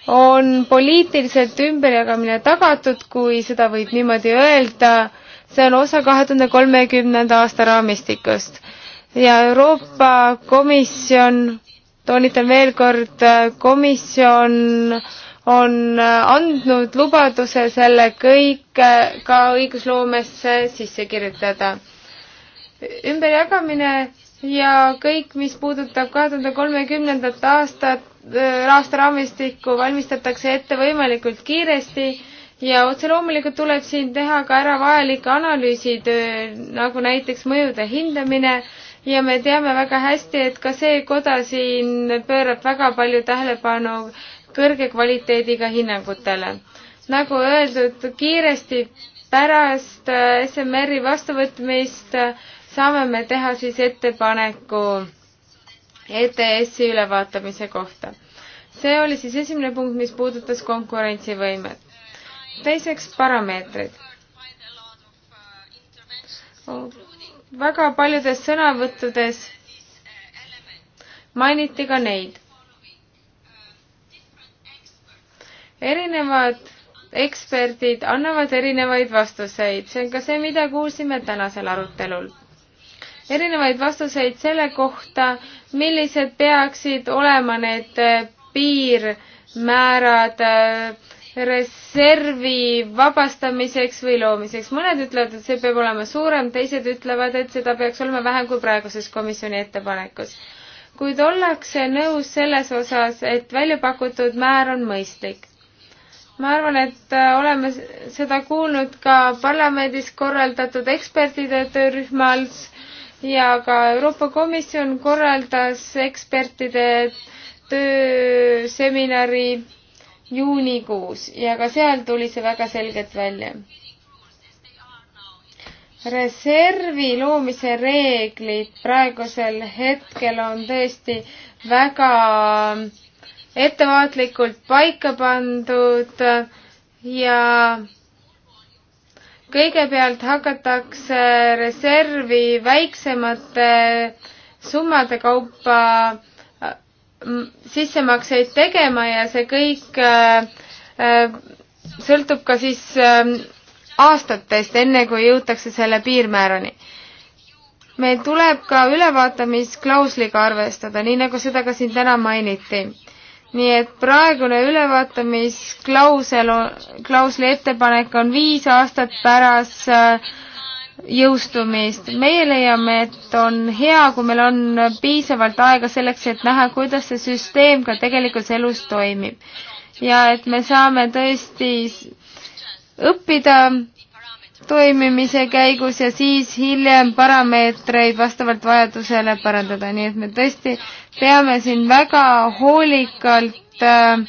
on poliitiliselt ümberjagamine tagatud, kui seda võib niimoodi öelda, see on osa kahe tuhande kolmekümnenda aasta raamistikust ja Euroopa Komisjon toonitan veel kord, äh, komisjon on äh, andnud lubaduse selle kõik äh, ka õigusloomesse sisse kirjutada. ümberjagamine ja kõik, mis puudutab kahe tuhande kolmekümnendat aastat, aastaraamistikku valmistatakse ette võimalikult kiiresti ja otse loomulikult tuleb siin teha ka ära vajalik analüüsitöö, nagu näiteks mõjude hindamine ja me teame väga hästi, et ka see koda siin pöörab väga palju tähelepanu kõrge kvaliteediga hinnangutele. nagu öeldud, kiiresti pärast äh, SMR-i vastuvõtmist äh, saame me teha siis ettepaneku ETS-i ülevaatamise kohta. see oli siis esimene punkt, mis puudutas konkurentsivõimet. teiseks parameetrid väga paljudes sõnavõttudes mainiti ka neid. erinevad eksperdid annavad erinevaid vastuseid, see on ka see, mida kuulsime tänasel arutelul. erinevaid vastuseid selle kohta, millised peaksid olema need piirmäärad äh, reservi vabastamiseks või loomiseks. mõned ütlevad, et see peab olema suurem, teised ütlevad, et seda peaks olema vähem kui praeguses komisjoni ettepanekus. kuid ollakse nõus selles osas, et välja pakutud määr on mõistlik. ma arvan, et äh, oleme seda kuulnud ka parlamendis korraldatud ekspertide töörühmas ja ka Euroopa Komisjon korraldas ekspertide tööseminari juunikuus ja ka seal tuli see väga selgelt välja. reservi loomise reeglid praegusel hetkel on tõesti väga ettevaatlikult paika pandud ja kõigepealt hakatakse reservi väiksemate summade kaupa sissemakseid tegema ja see kõik äh, äh, sõltub ka siis äh, aastatest, enne kui jõutakse selle piirmäärani. meil tuleb ka ülevaatamisklausliga arvestada, nii nagu seda ka siin täna mainiti. nii et praegune ülevaatamisklausel, klausli ettepanek on viis aastat pärast jõustumist. meie leiame, et on hea, kui meil on piisavalt aega selleks, et näha, kuidas see süsteem ka tegelikus elus toimib. ja et me saame tõesti õppida toimimise käigus ja siis hiljem parameetreid vastavalt vajadusele parandada, nii et me tõesti peame siin väga hoolikalt äh,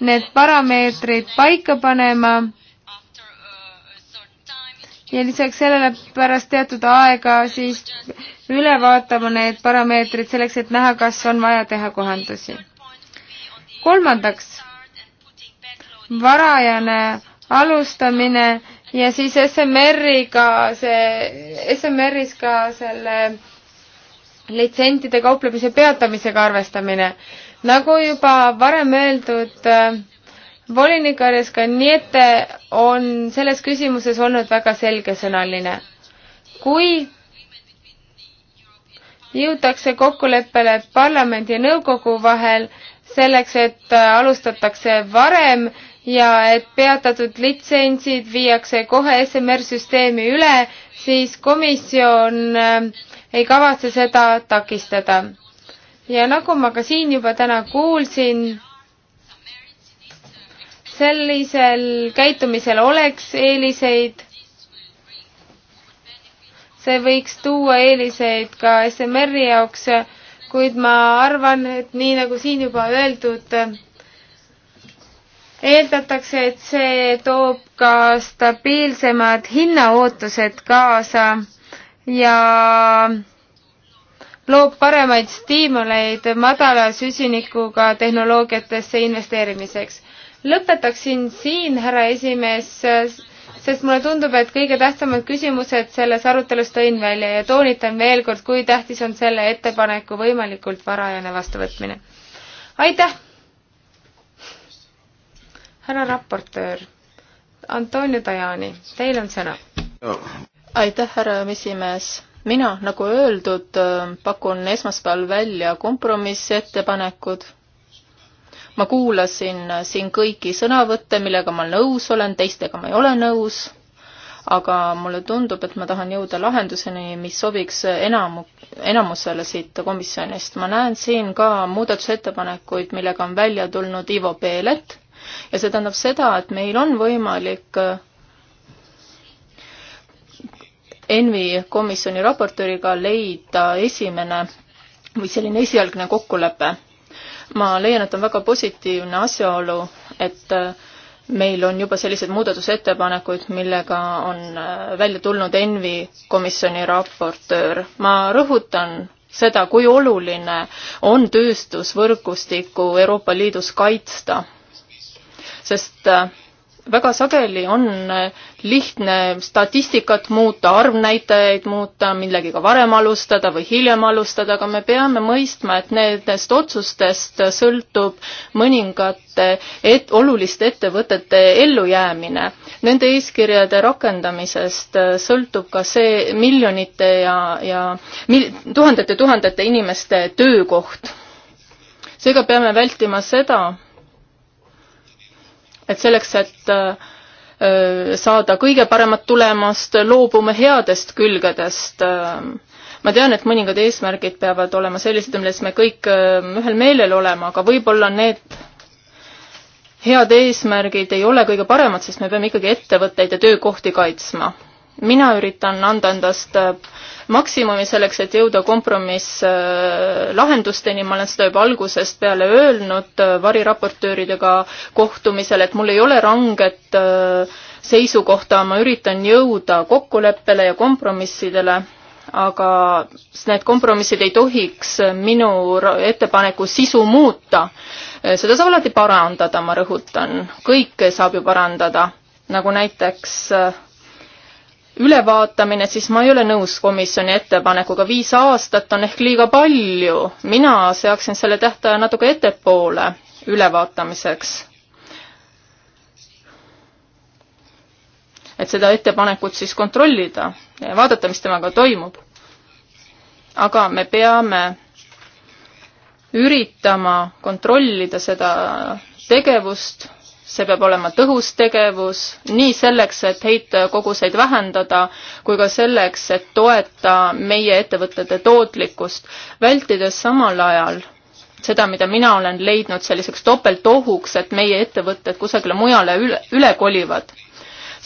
need parameetrid paika panema ja lisaks sellele pärast teatud aega siis üle vaatama need parameetrid selleks, et näha, kas on vaja teha kohandusi. kolmandaks, varajane alustamine ja siis SMR-iga see, SMR-is ka selle litsentide kauplemise peatamisega arvestamine. nagu juba varem öeldud äh,, volinik Arias Kanjete on selles küsimuses olnud väga selgesõnaline. kui jõutakse kokkuleppele parlamendi ja nõukogu vahel selleks, et alustatakse varem ja et peatatud litsentsid viiakse kohe SMR-süsteemi üle, siis komisjon äh, ei kavatse seda takistada. ja nagu ma ka siin juba täna kuulsin, sellisel käitumisel oleks eeliseid. see võiks tuua eeliseid ka SMR-i jaoks, kuid ma arvan, et nii nagu siin juba öeldud, eeldatakse, et see toob ka stabiilsemad hinnaootused kaasa ja loob paremaid stiimuleid madala süsinikuga tehnoloogiatesse investeerimiseks lõpetaksin siin, härra esimees, sest mulle tundub, et kõige tähtsamad küsimused selles arutelus tõin välja ja toonitan veel kord, kui tähtis on selle ettepaneku võimalikult varajane vastuvõtmine. aitäh! härra raportöör Antonio Tajani, teil on sõna. aitäh, härra esimees mina, nagu öeldud, pakun esmaspäeval välja kompromissettepanekud ma kuulasin äh, siin kõiki sõnavõtte, millega ma nõus olen, teistega ma ei ole nõus, aga mulle tundub, et ma tahan jõuda lahenduseni, mis sobiks enam, enamusele siit komisjonist. ma näen siin ka muudatusettepanekuid, millega on välja tulnud Ivo Peelet ja see tähendab seda, et meil on võimalik äh, ENVI komisjoni raportööriga leida esimene või selline esialgne kokkulepe ma leian, et on väga positiivne asjaolu, et äh, meil on juba selliseid muudatusettepanekuid, millega on äh, välja tulnud ENVI komisjoni raportöör. ma rõhutan seda, kui oluline on tööstusvõrgustikku Euroopa Liidus kaitsta, sest äh, väga sageli on äh, lihtne statistikat muuta, arvnäitajaid muuta, millegiga varem alustada või hiljem alustada, aga me peame mõistma, et nendest otsustest sõltub mõningate et-, oluliste ettevõtete ellujäämine. Nende eeskirjade rakendamisest äh, sõltub ka see miljonite ja, ja mil-, tuhandete-tuhandete inimeste töökoht. seega peame vältima seda, et selleks, et äh, saada kõige paremat tulemust, loobume headest külgedest. Äh, ma tean, et mõningad eesmärgid peavad olema sellised, milles me kõik äh, ühel meelel oleme, aga võib-olla need head eesmärgid ei ole kõige paremad, sest me peame ikkagi ettevõtteid ja töökohti kaitsma mina üritan anda endast äh, maksimumi selleks, et jõuda kompromisslahendusteni, äh, ma olen seda juba algusest peale öelnud äh, variraportööridega kohtumisel, et mul ei ole ranget seisukohta, ma üritan jõuda kokkuleppele ja kompromissidele, aga need kompromissid ei tohiks minu ettepaneku sisu muuta. seda saab alati parandada, ma rõhutan, kõike saab ju parandada, nagu näiteks äh, ülevaatamine, siis ma ei ole nõus komisjoni ettepanekuga, viis aastat on ehk liiga palju. mina seaksin selle tähtaja natuke ettepoole ülevaatamiseks. et seda ettepanekut siis kontrollida ja vaadata, mis temaga toimub. aga me peame üritama kontrollida seda tegevust see peab olema tõhus tegevus nii selleks, et heitkoguseid vähendada, kui ka selleks, et toeta meie ettevõtete tootlikkust, vältides samal ajal seda, mida mina olen leidnud selliseks topeltohuks, et meie ettevõtted kusagile mujale üle, üle kolivad.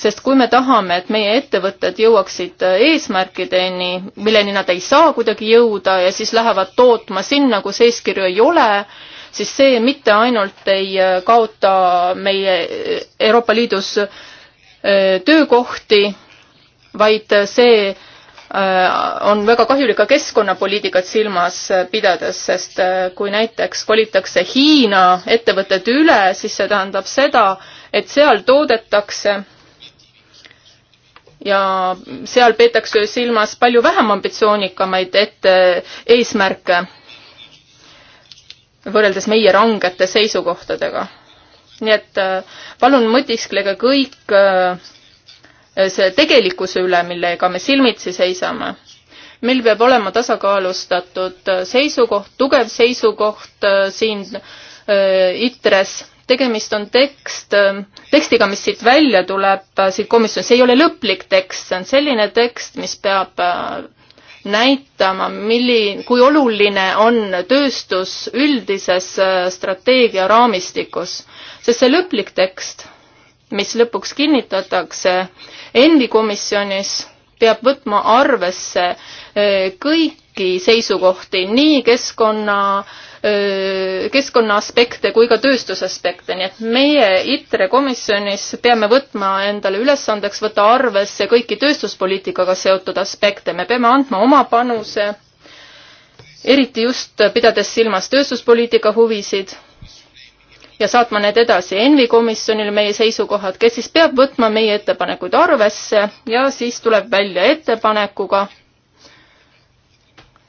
sest kui me tahame, et meie ettevõtted jõuaksid eesmärkideni, milleni nad ei saa kuidagi jõuda ja siis lähevad tootma sinna, kus eeskirju ei ole, siis see mitte ainult ei äh, kaota meie äh, Euroopa Liidus äh, töökohti, vaid see on väga kahjulik ka keskkonnapoliitikat silmas pidades, sest kui näiteks kolitakse Hiina ettevõtted üle, siis see tähendab seda, et seal toodetakse ja seal peetakse silmas palju vähem ambitsioonikamaid ette, eesmärke võrreldes meie rangete seisukohtadega. nii et äh, palun mõtisklege kõik äh, see tegelikkuse üle, millega me silmitsi seisame. meil peab olema tasakaalustatud äh, seisukoht, tugev seisukoht siin ITRES, tegemist on tekst, tekstiga, mis siit välja tuleb, siit komisjonist, see ei ole lõplik tekst, see on selline tekst, mis peab näitama, milli-, kui oluline on tööstus üldises äh, strateegia raamistikus, sest see lõplik tekst, mis lõpuks kinnitatakse ENVI komisjonis, peab võtma arvesse äh, kõiki seisukohti, nii keskkonna äh, keskkonna aspekte kui ka tööstusaspekte, nii et meie ITRE komisjonis peame võtma endale ülesandeks võtta arvesse kõiki tööstuspoliitikaga seotud aspekte, me peame andma oma panuse, eriti just pidades silmas tööstuspoliitika huvisid ja saatma need edasi ENVI komisjonile, meie seisukohad, kes siis peab võtma meie ettepanekuid arvesse ja siis tuleb välja ettepanekuga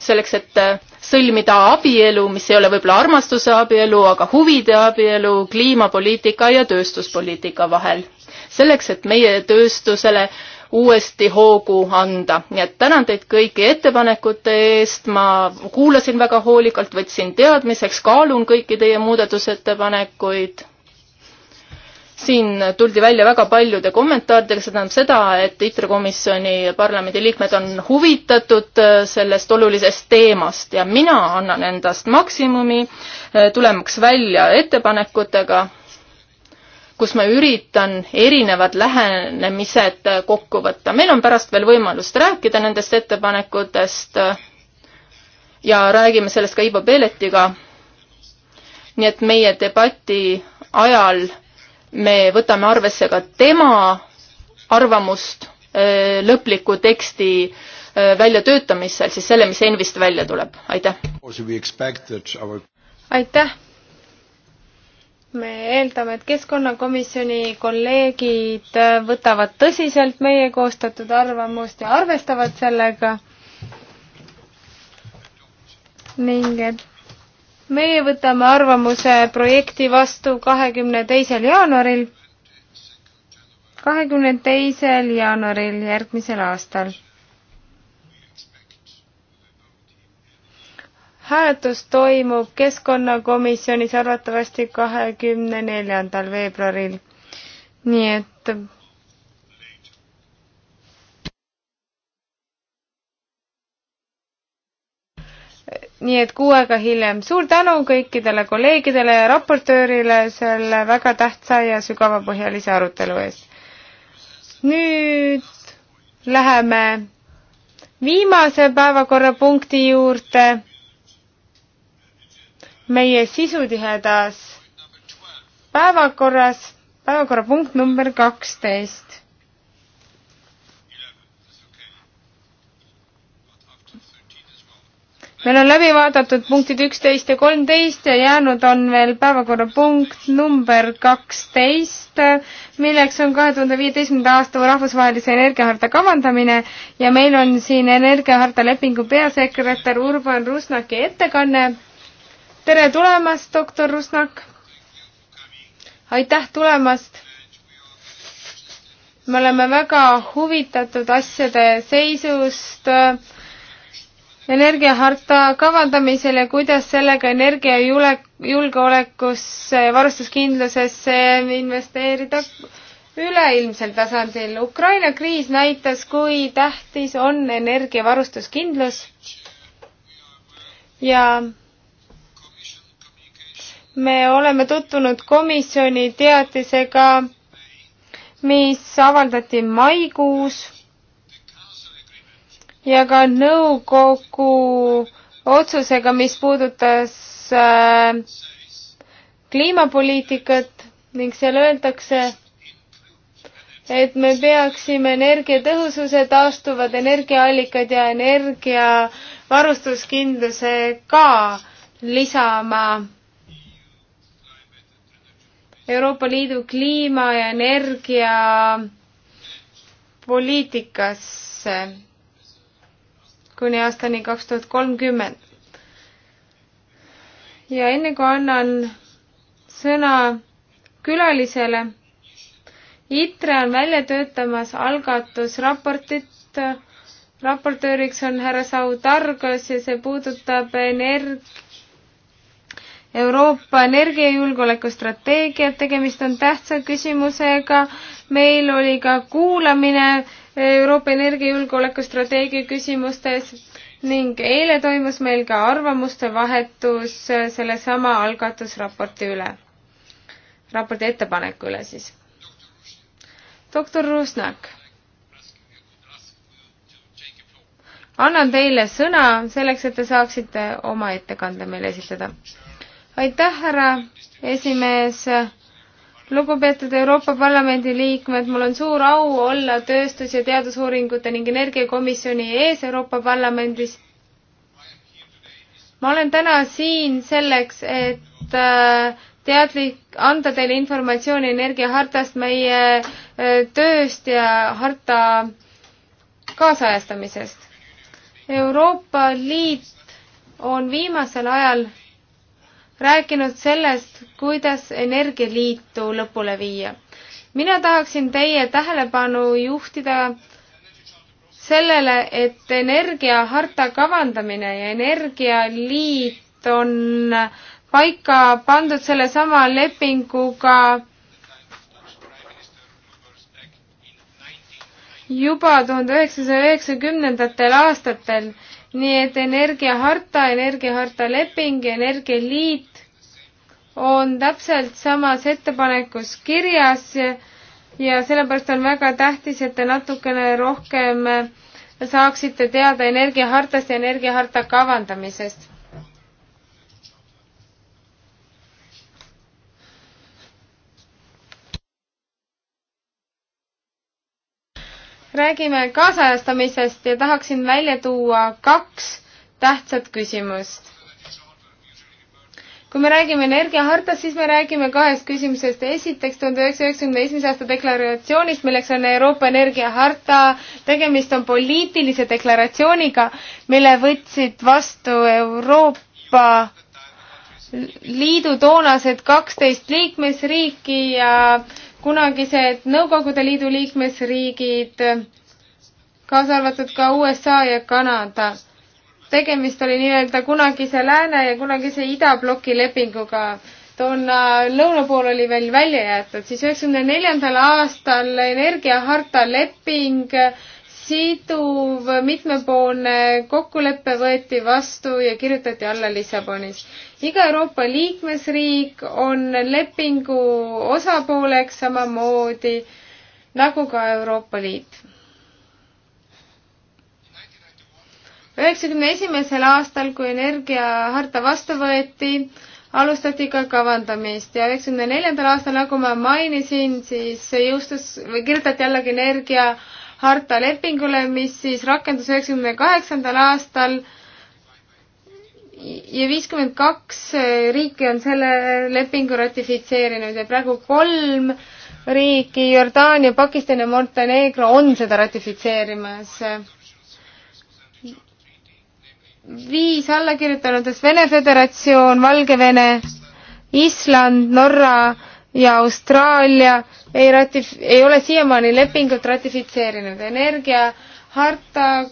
selleks, et sõlmida abielu, mis ei ole võib-olla armastuse abielu, aga huvide abielu kliimapoliitika ja tööstuspoliitika vahel. selleks, et meie tööstusele uuesti hoogu anda. nii et tänan teid kõiki ettepanekute eest, ma kuulasin väga hoolikalt, võtsin teadmiseks, kaalun kõiki teie muudatusettepanekuid siin tuldi välja väga paljude kommentaaridega, see tähendab seda, et ITRE komisjoni parlamendiliikmed on huvitatud äh, sellest olulisest teemast ja mina annan endast maksimumi, äh, tulemaks välja ettepanekutega, kus ma üritan erinevad lähenemised äh, kokku võtta. meil on pärast veel võimalust rääkida nendest ettepanekutest ja räägime sellest ka Ivo Peletiga. nii et meie debati ajal me võtame arvesse ka tema arvamust äh, lõpliku teksti äh, väljatöötamisel, siis selle, mis ENVist välja tuleb, aitäh. aitäh. me eeldame, et keskkonnakomisjoni kolleegid äh, võtavad tõsiselt meie koostatud arvamust ja arvestavad sellega ning et meie võtame arvamuse projekti vastu kahekümne teisel jaanuaril, kahekümne teisel jaanuaril järgmisel aastal. hääletus toimub keskkonnakomisjonis arvatavasti kahekümne neljandal veebruaril. nii et nii et kuu aega hiljem. suur tänu kõikidele kolleegidele ja raportöörile selle väga tähtsa ja sügavapõhjalise arutelu eest. nüüd läheme viimase päevakorrapunkti juurde meie sisutihedas päevakorras, päevakorrapunkt number kaksteist meil on läbi vaadatud punktid üksteist ja kolmteist ja jäänud on veel päevakorrapunkt number kaksteist, milleks on kahe tuhande viieteistkümnenda aasta rahvusvahelise energiaharta kavandamine ja meil on siin energiaharta lepingu peasekretär Urban Rusnaki ettekanne. tere tulemast, doktor Rusnak! aitäh tulemast! me oleme väga huvitatud asjade seisust äh, energiaharta kavandamisel ja kuidas sellega energiajulgeolekusse ja varustuskindlusesse investeerida üleilmsel tasandil. Ukraina kriis näitas, kui tähtis on energiavarustuskindlus ja me oleme tutvunud komisjoni teatisega, mis avaldati maikuus ja ka nõukogu otsusega, mis puudutas äh, kliimapoliitikat ning seal öeldakse, et me peaksime energiatõhususe, taastuvad energiaallikad ja energiavarustuskindluse ka lisama Euroopa Liidu kliima ja energiapoliitikasse kuni aastani kaks tuhat kolmkümmend. ja enne kui annan sõna külalisele, ITRE on välja töötamas algatusraportit, raportööriks on härra Sau Targas ja see puudutab energ-, Euroopa energiajulgeoleku strateegiat, tegemist on tähtsa küsimusega. meil oli ka kuulamine Euroopa energiajulgeoleku strateegia küsimustes ning eile toimus meil ka arvamuste vahetus sellesama algatusraporti üle, raporti ettepaneku üle siis. doktor Rusnak, annan teile sõna selleks, et te saaksite oma ettekande meile esitleda. aitäh, härra esimees lugupeetud Euroopa Parlamendi liikmed, mul on suur au olla tööstus- ja teadusuuringute ning energiakomisjoni ees Euroopa Parlamendis. ma olen täna siin selleks, et äh, teadlik, anda teile informatsiooni energiahartast, meie äh, tööst ja harta kaasajastamisest. Euroopa Liit on viimasel ajal rääkinud sellest, kuidas energialiitu lõpule viia. mina tahaksin teie tähelepanu juhtida sellele, et energiaharta kavandamine ja energialiit on paika pandud sellesama lepinguga juba tuhande üheksasaja üheksakümnendatel aastatel nii et energiaharta, energiaharta leping ja energialiit on täpselt samas ettepanekus kirjas ja sellepärast on väga tähtis, et te natukene rohkem saaksite teada energiahartast ja energiaharta kavandamisest räägime kaasajastamisest ja tahaksin välja tuua kaks tähtsat küsimust. kui me räägime energiahartast, siis me räägime kahest küsimusest. esiteks tuhande üheksasaja üheksakümne esimese aasta deklaratsioonist, milleks on Euroopa energiaharta. tegemist on poliitilise deklaratsiooniga, mille võtsid vastu Euroopa Liidu toonased kaksteist liikmesriiki ja kunagised Nõukogude Liidu liikmesriigid, kaasa arvatud ka USA ja Kanada. tegemist oli nii-öelda kunagise Lääne ja kunagise idabloki lepinguga. toona lõuna pool oli veel välja jäetud, siis üheksakümne neljandal aastal energiaharta leping äh, siduv mitmepoolne kokkulepe võeti vastu ja kirjutati alla Lissabonis. iga Euroopa liikmesriik on lepingu osapooleks samamoodi nagu ka Euroopa Liit. üheksakümne esimesel aastal, kui energiaharta vastu võeti, alustati ka kavandamist ja üheksakümne neljandal aastal, nagu ma mainisin, siis jõustus või kirjutati jällegi energia äh, harta lepingule, mis siis rakendus üheksakümne kaheksandal aastal ja viiskümmend kaks riiki on selle lepingu ratifitseerinud ja praegu kolm riiki, Jordaania, Pakistan ja Montenegro on seda ratifitseerimas. viis allakirjutanutest Vene Föderatsioon, Valgevene, Island, Norra ja Austraalia ei ratif-, ei ole siiamaani lepingut ratifitseerinud. energiaharta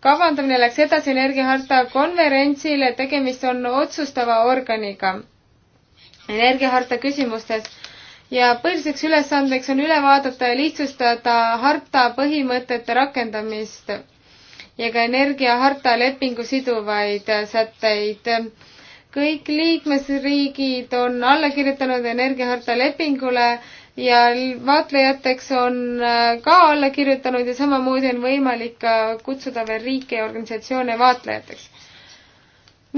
kavandamine läks edasi energiaharta konverentsile, tegemist on otsustava organiga energiaharta küsimustes ja põhiliseks ülesandeks on üle vaadata ja lihtsustada harta põhimõtete rakendamist ja ka energiaharta lepingu siduvaid sätteid kõik liikmesriigid on alla kirjutanud energiaharta lepingule ja vaatlejateks on äh, ka alla kirjutanud ja samamoodi on võimalik kutsuda veel riike ja organisatsioone vaatlejateks.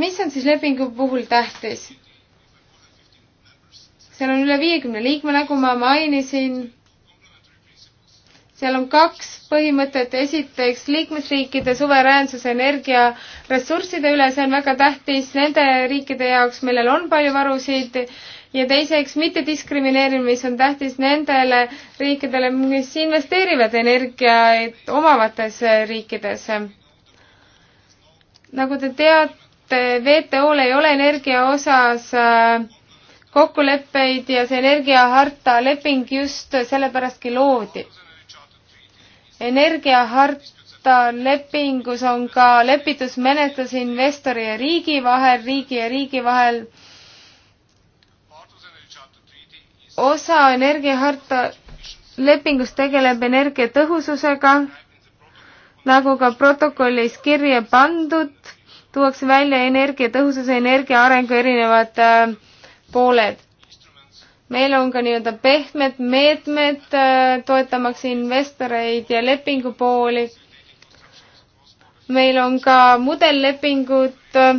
mis on siis lepingu puhul tähtis? seal on üle viiekümne liikme, nagu ma mainisin seal on kaks põhimõtet, esiteks liikmesriikide suveräänsus energiaressursside üle, see on väga tähtis nende riikide jaoks, millel on palju varusid ja teiseks mittediskrimineerimine, mis on tähtis nendele riikidele, mis investeerivad energiat omavates riikides. nagu te teate, WTO-l ei ole energia osas äh, kokkuleppeid ja see energiaharta leping just sellepärastki loodi energiaharta lepingus on ka lepitusmenetlus investori ja riigi vahel, riigi ja riigi vahel. osa energiaharta lepingus tegeleb energiatõhususega, nagu ka protokollis kirja pandud, tuuakse välja energiatõhususe, energia arengu erinevad äh, pooled meil on ka nii-öelda pehmed meetmed äh, toetamaks investoreid ja lepingupooli. meil on ka mudellepingud äh,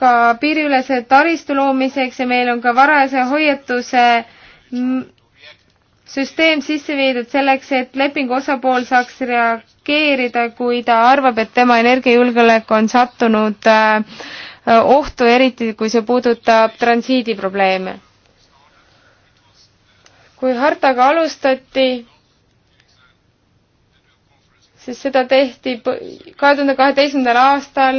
ka piiriülese taristu loomiseks ja meil on ka varajase hoiatuse süsteem sisse viidud selleks, et lepingu osapool saaks reageerida, kui ta arvab, et tema energiajulgeolek on sattunud äh, ohtu, eriti kui see puudutab transiidiprobleeme kui hartaga alustati, siis seda tehti kahe tuhande kaheteistkümnendal aastal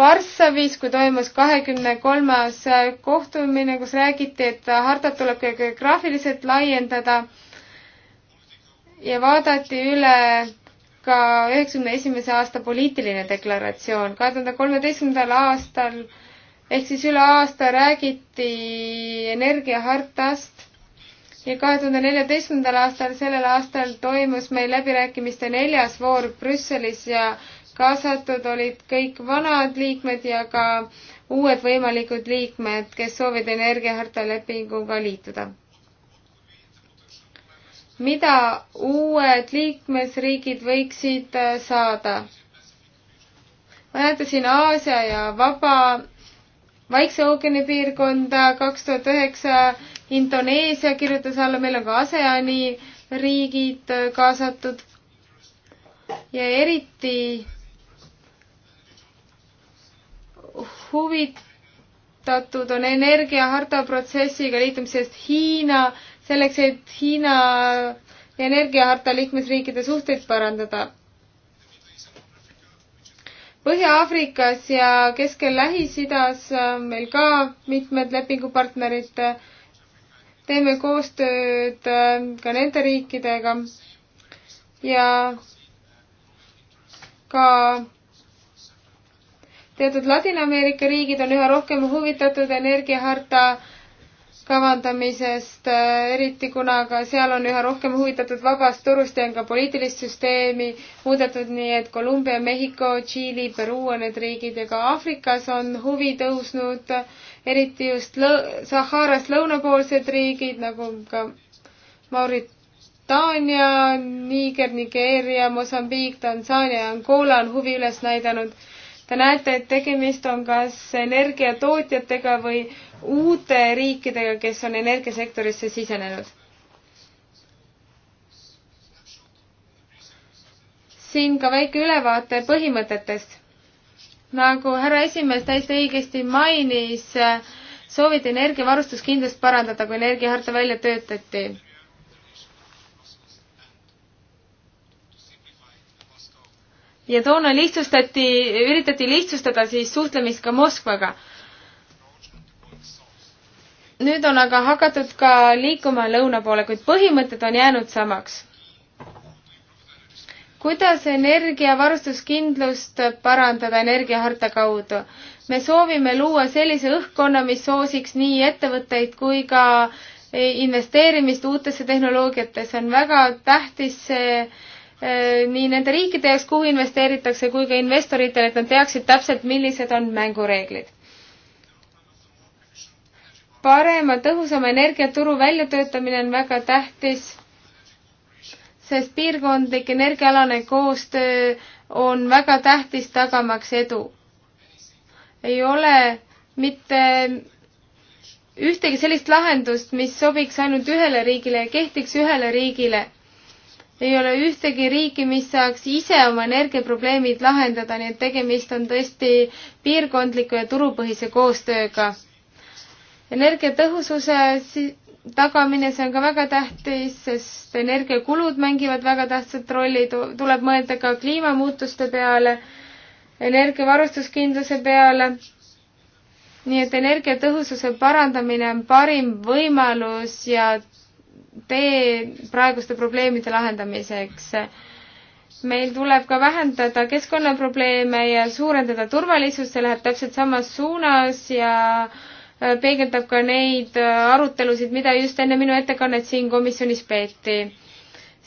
Varssavis, kui toimus kahekümne kolmas kohtumine, kus räägiti, et hartat tuleb ka geograafiliselt laiendada ja vaadati üle ka üheksakümne esimese aasta poliitiline deklaratsioon. kahe tuhande kolmeteistkümnendal aastal ehk siis üle aasta räägiti energiahartast ja kahe tuhande neljateistkümnendal aastal, sellel aastal toimus meil läbirääkimiste neljas voor Brüsselis ja kaasatud olid kõik vanad liikmed ja ka uued võimalikud liikmed, kes soovivad energiaharta lepinguga liituda. mida uued liikmesriigid võiksid äh, saada? ma näitasin Aasia ja Vaba Vaikse ookeani piirkonda kaks tuhat üheksa Indoneesia kirjutas alla, meil on ka ASEAN-i riigid äh, kaasatud ja eriti huvitatud on energiaharta protsessiga liitumisest Hiina, selleks, et Hiina energiaharta liikmesriikide suhteid parandada. Põhja-Aafrikas ja Keskel-Lähis-Idas meil ka mitmed lepingupartnerid teeme koostööd äh, ka nende riikidega ja ka teatud Ladina-Ameerika riigid on üha rohkem huvitatud energiaharta kavandamisest, äh, eriti kuna ka seal on üha rohkem huvitatud vabast turust ja on ka poliitilist süsteemi muudetud, nii et Kolumbia, Mehhiko, Tšiili, Peruu on need riigid ja ka Aafrikas on huvi tõusnud äh, eriti just lõ-, Saharas lõunapoolsed riigid nagu ka Mauritaania, Niiger, Nigeeria, Mosambiik, Tansaania ja Angola on huvi üles näidanud. Te näete, et tegemist on kas energiatootjatega või uute riikidega, kes on energiasektorisse sisenenud. siin ka väike ülevaate põhimõtetest nagu härra esimees täiesti õigesti mainis, sooviti energiavarustuskindlust parandada, kui energiaharta välja töötati. ja toona lihtsustati, üritati lihtsustada siis suhtlemist ka Moskvaga. nüüd on aga hakatud ka liikuma lõuna poole, kuid põhimõtted on jäänud samaks kuidas energiavarustuskindlust parandada energiaharta kaudu? me soovime luua sellise õhkkonna, mis soosiks nii ettevõtteid kui ka investeerimist uutesse tehnoloogiatesse, on väga tähtis see eh, nii nende riikide jaoks, kuhu investeeritakse, kui ka investoritele, et nad teaksid täpselt, millised on mängureeglid. parema, tõhusama energiaturu väljatöötamine on väga tähtis sest piirkondlik energiaalane koostöö on väga tähtis tagamaks edu. ei ole mitte ühtegi sellist lahendust, mis sobiks ainult ühele riigile ja kehtiks ühele riigile. ei ole ühtegi riiki, mis saaks ise oma energiaprobleemid lahendada, nii et tegemist on tõesti piirkondliku ja turupõhise koostööga. energiatõhususe tagamine, see on ka väga tähtis, sest energiakulud mängivad väga tähtsat rolli, tuleb mõelda ka kliimamuutuste peale, energiavarustuskindluse peale. nii et energiatõhususe parandamine on parim võimalus ja tee praeguste probleemide lahendamiseks. meil tuleb ka vähendada keskkonnaprobleeme ja suurendada turvalisust, see läheb täpselt samas suunas ja äh, Äh, peegeldab ka neid äh, arutelusid, mida just enne minu ettekannet siin komisjonis peeti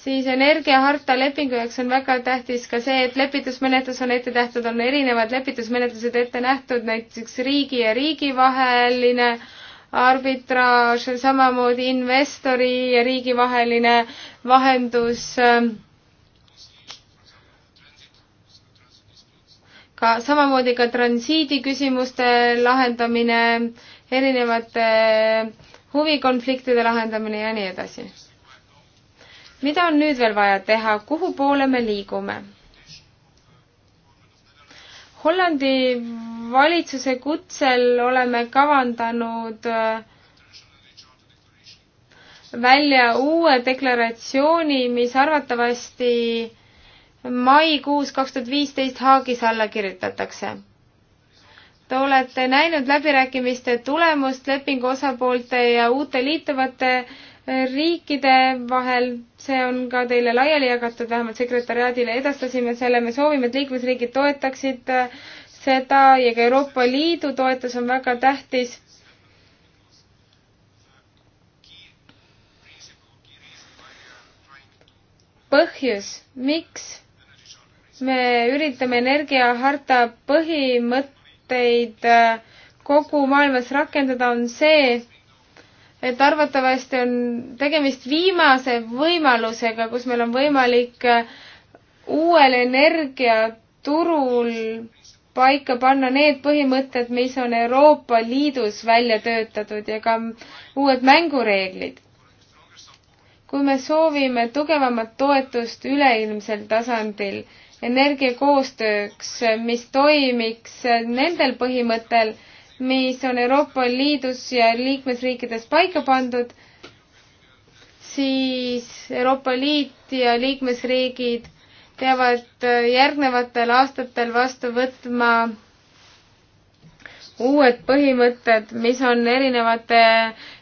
siis energiaharta lepingu jaoks on väga tähtis ka see, et lepitusmenetlus on ette tähtud, on erinevad lepitusmenetlused ette nähtud, näiteks riigi ja riigi vaheline arbitraaž, samamoodi investori ja riigi vaheline vahendus. Ähm, ka samamoodi ka transiidi küsimuste lahendamine erinevate huvikonfliktide lahendamine ja nii edasi. mida on nüüd veel vaja teha, kuhu poole me liigume? Hollandi valitsuse kutsel oleme kavandanud äh, välja uue deklaratsiooni, mis arvatavasti maikuus kaks tuhat viisteist Haagis alla kirjutatakse Te olete näinud läbirääkimiste tulemust lepingu osapoolte ja uute liituvate eh, riikide vahel, see on ka teile laiali jagatud, vähemalt sekretäriaadile edastasime selle, me soovime, et liikmesriigid toetaksid eh, seda ja ka Euroopa Liidu toetus on väga tähtis. põhjus, miks me üritame energiaharta põhimõtte standardeid äh, kogu maailmas rakendada, on see, et arvatavasti on tegemist viimase võimalusega, kus meil on võimalik äh, uuel energiaturul paika panna need põhimõtted, mis on Euroopa Liidus välja töötatud ja ka uued mängureeglid. kui me soovime tugevamat toetust üleilmsel tasandil energiakoostööks, mis toimiks nendel põhimõttel, mis on Euroopa Liidus ja liikmesriikides paika pandud, siis Euroopa Liit ja liikmesriigid peavad järgnevatel aastatel vastu võtma uued põhimõtted, mis on erinevate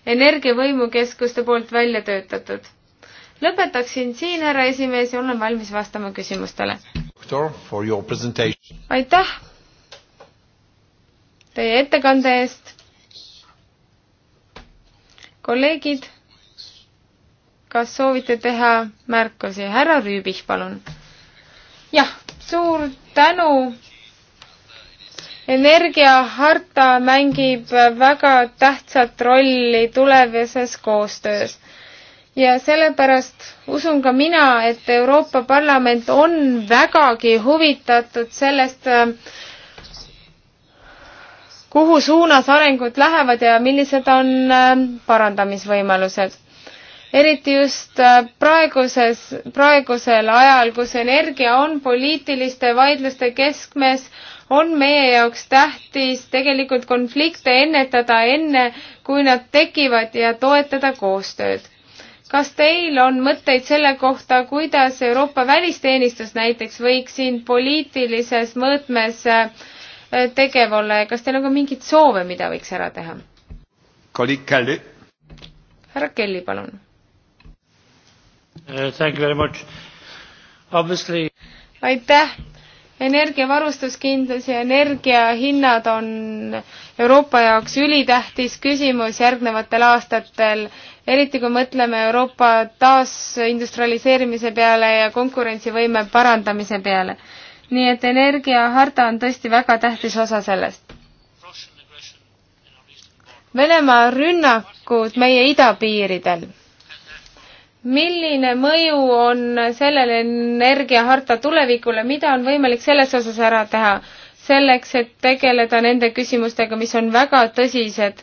energiavõimukeskuste poolt välja töötatud. lõpetaksin siin, härra esimees, ja olen valmis vastama küsimustele Director, for your presentation. aitäh teie ettekande eest. kolleegid, kas soovite teha märkusi? härra Rüübich, palun. jah, suur tänu. energiaharta mängib väga tähtsat rolli tulevases koostöös ja sellepärast usun ka mina, et Euroopa Parlament on vägagi huvitatud sellest, äh, kuhu suunas arengud lähevad ja millised on äh, parandamisvõimalused. eriti just äh, praeguses, praegusel ajal, kus energia on poliitiliste vaidluste keskmes, on meie jaoks tähtis tegelikult konflikte ennetada enne, kui nad tekivad ja toetada koostööd kas teil on mõtteid selle kohta, kuidas Euroopa välisteenistus näiteks võiks siin poliitilises mõõtmes äh, tegev olla ja kas teil on ka mingeid soove, mida võiks ära teha? kolleeg Kelly. härra Kelly, palun uh,. aitäh energiavarustuskindlus ja energiahinnad on Euroopa jaoks ülitähtis küsimus järgnevatel aastatel eriti kui mõtleme Euroopa taasindustrialiseerimise peale ja konkurentsivõime parandamise peale. nii et energiaharta on tõesti väga tähtis osa sellest. Venemaa rünnakud meie idapiiridel. milline mõju on sellel energiaharta tulevikule, mida on võimalik selles osas ära teha, selleks et tegeleda nende küsimustega, mis on väga tõsised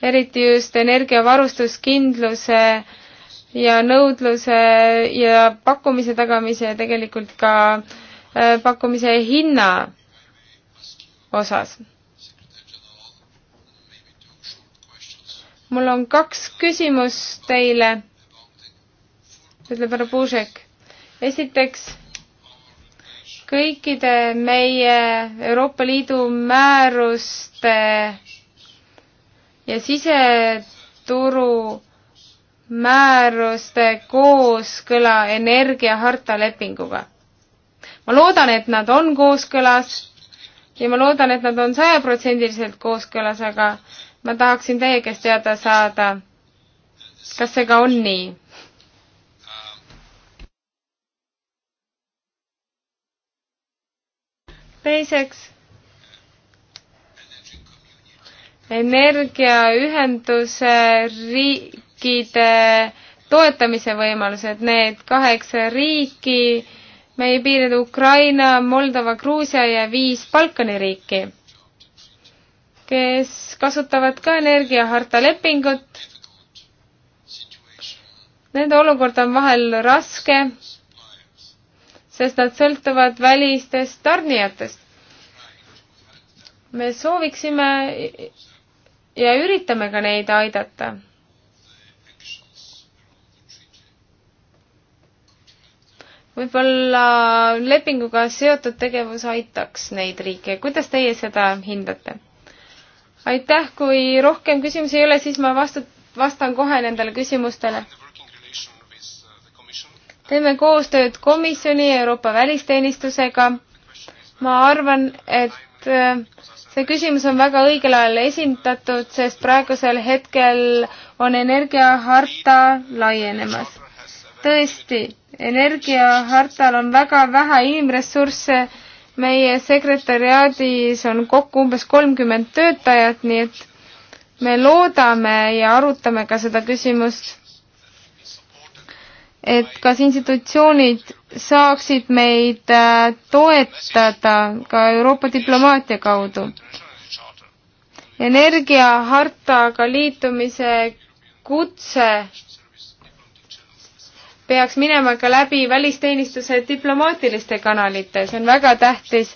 eriti just energiavarustuskindluse ja nõudluse ja pakkumise tagamise ja tegelikult ka äh, pakkumise hinna osas. mul on kaks küsimust teile, ütleb härra Puusek. esiteks, kõikide meie Euroopa Liidu määruste ja siseturu määruste kooskõla energiaharta lepinguga. ma loodan, et nad on kooskõlas ja ma loodan, et nad on sajaprotsendiliselt kooskõlas, aga ma tahaksin teie käest teada saada, kas see ka on nii? teiseks energiaühenduse riikide toetamise võimalused, need kaheksa riiki, meie piirid Ukraina, Moldova, Gruusia ja viis Balkani riiki, kes kasutavad ka energiaharta lepingut. Nende olukord on vahel raske, sest nad sõltuvad välistest tarnijatest. me sooviksime ja üritame ka neid aidata. võib-olla lepinguga seotud tegevus aitaks neid riike, kuidas teie seda hindate? aitäh, kui rohkem küsimusi ei ole, siis ma vastu-, vastan kohe nendele küsimustele. teeme koostööd komisjoni ja Euroopa välisteenistusega. ma arvan, et äh, see küsimus on väga õigel ajal esindatud, sest praegusel hetkel on energiaharta laienemas. tõesti, energiahartal on väga vähe inimressursse, meie sekretäriaadis on kokku umbes kolmkümmend töötajat, nii et me loodame ja arutame ka seda küsimust, et kas institutsioonid saaksid meid äh, toetada ka Euroopa diplomaatia kaudu. energiahartaga liitumise kutse peaks minema ka läbi välisteenistuse diplomaatiliste kanalite, see on väga tähtis,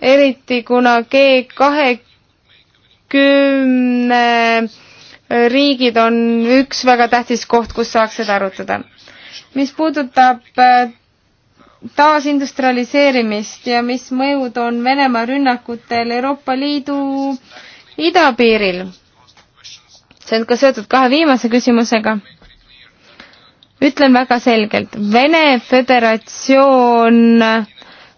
eriti kuna G kahekümne riigid on üks väga tähtis koht, kus saaks seda arutada mis puudutab äh, taasindustrialiseerimist ja mis mõjud on Venemaa rünnakutel Euroopa Liidu idapiiril. see on ka seotud kahe viimase küsimusega. ütlen väga selgelt, Vene Föderatsioon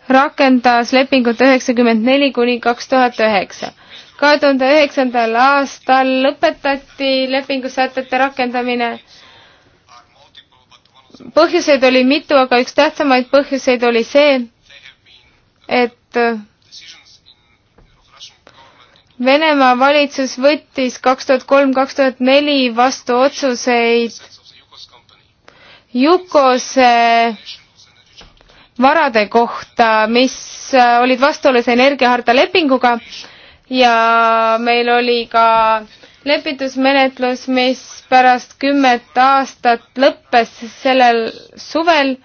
rakendas lepingut üheksakümmend neli kuni kaks tuhat üheksa. kahe tuhande üheksandal aastal lõpetati lepingusätete rakendamine põhjuseid oli mitu, aga üks tähtsamaid põhjuseid oli see, et Venemaa valitsus võttis kaks tuhat kolm, kaks tuhat neli vastu otsuseid Jukose varade kohta, mis olid vastuolus energiaharta lepinguga ja meil oli ka äh, lepitusmenetlus, mis pärast kümmet aastat lõppes sellel suvel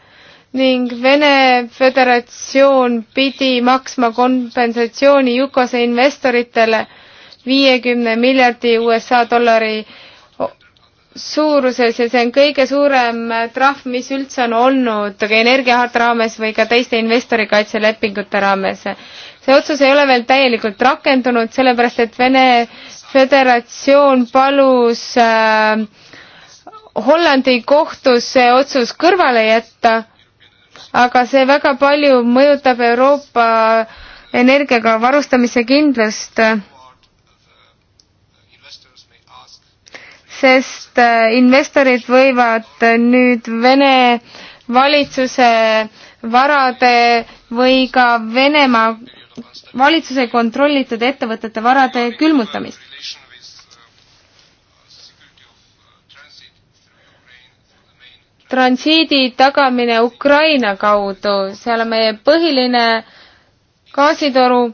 ning Vene Föderatsioon pidi maksma kompensatsiooni Jukose investoritele viiekümne miljardi USA dollari suuruses ja see on kõige suurem trahv, mis üldse on olnud energiaharta raames või ka teiste investorikaitselepingute raames. see otsus ei ole veel täielikult rakendunud, sellepärast et Vene föderatsioon palus äh, Hollandi kohtus see otsus kõrvale jätta, aga see väga palju mõjutab Euroopa energiaga varustamise kindlust sest äh, investorid võivad nüüd Vene valitsuse varade või ka Venemaa valitsuse kontrollitud ettevõtete varade külmutamist. transiidi tagamine Ukraina kaudu, seal on meie põhiline gaasitoru.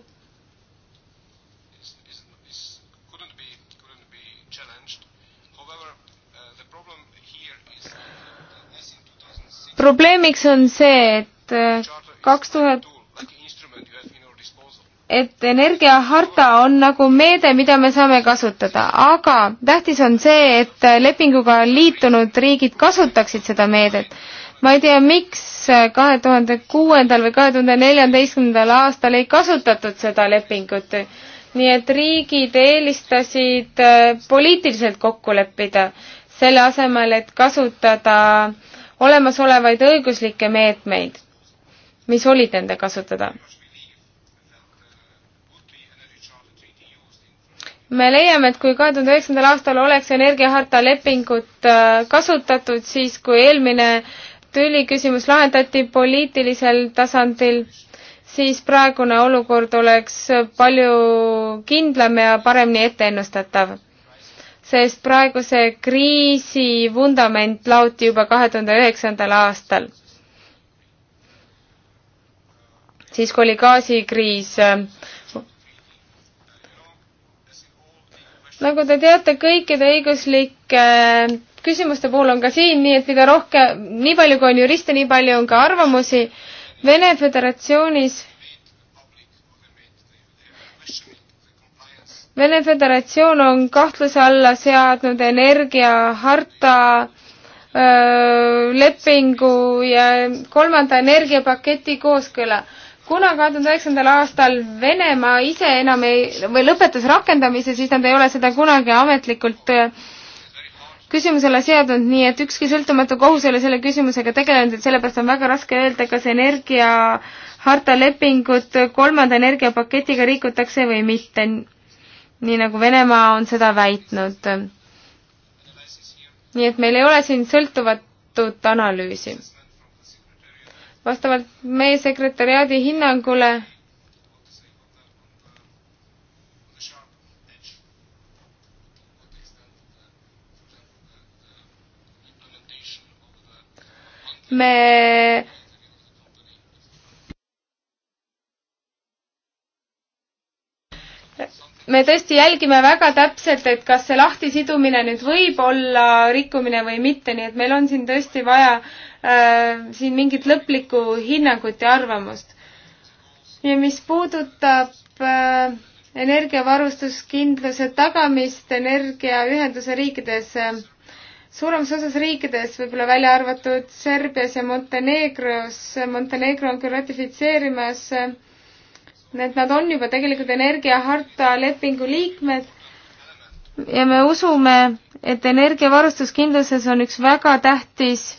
probleemiks on see, et äh, kaks tuhat et energiaharta on nagu meede, mida me saame kasutada, aga tähtis on see, et lepinguga liitunud riigid kasutaksid seda meedet. ma ei tea, miks kahe tuhande kuuendal või kahe tuhande neljateistkümnendal aastal ei kasutatud seda lepingut. nii et riigid eelistasid äh, poliitiliselt kokku leppida, selle asemel, et kasutada olemasolevaid õiguslikke meetmeid, mis olid nende kasutada me leiame, et kui kahe tuhande üheksandal aastal oleks energiaharta lepingut äh, kasutatud, siis kui eelmine tüli küsimus lahendati poliitilisel tasandil, siis praegune olukord oleks palju kindlam ja paremini etteennustatav. sest praeguse kriisi vundament laoti juba kahe tuhande üheksandal aastal. siis, kui oli gaasikriis nagu te teate, kõikide õiguslike äh, küsimuste puhul on ka siin nii, et mida rohkem, nii palju kui on juriste, nii palju on ka arvamusi. Vene Föderatsioonis Vene Föderatsioon on kahtluse alla seadnud energiaharta äh, lepingu ja kolmanda energiapaketi kooskõla kuna kahe tuhande üheksandal aastal Venemaa ise enam ei, või lõpetas rakendamise, siis nad ei ole seda kunagi ametlikult äh, küsimusele seadnud, nii et ükski sõltumatu kohus ei ole selle küsimusega tegelenud, et sellepärast on väga raske öelda, kas energiaharta lepingut kolmanda energiapaketiga rikutakse või mitte. nii nagu Venemaa on seda väitnud. nii et meil ei ole siin sõltuvatut analüüsi vastavalt meie sekretäriaadi hinnangule me me tõesti jälgime väga täpselt, et kas see lahtisidumine nüüd võib olla rikkumine või mitte, nii et meil on siin tõesti vaja Äh, siin mingit lõplikku hinnangut ja arvamust. ja mis puudutab äh, energiavarustuskindluse tagamist energiaühenduse riikides, äh, suuremas osas riikides, võib-olla välja arvatud Serbias ja Montenegros, Montenegro on küll ratifitseerimas, et nad on juba tegelikult energiaharta lepingu liikmed ja me usume, et energiavarustuskindluses on üks väga tähtis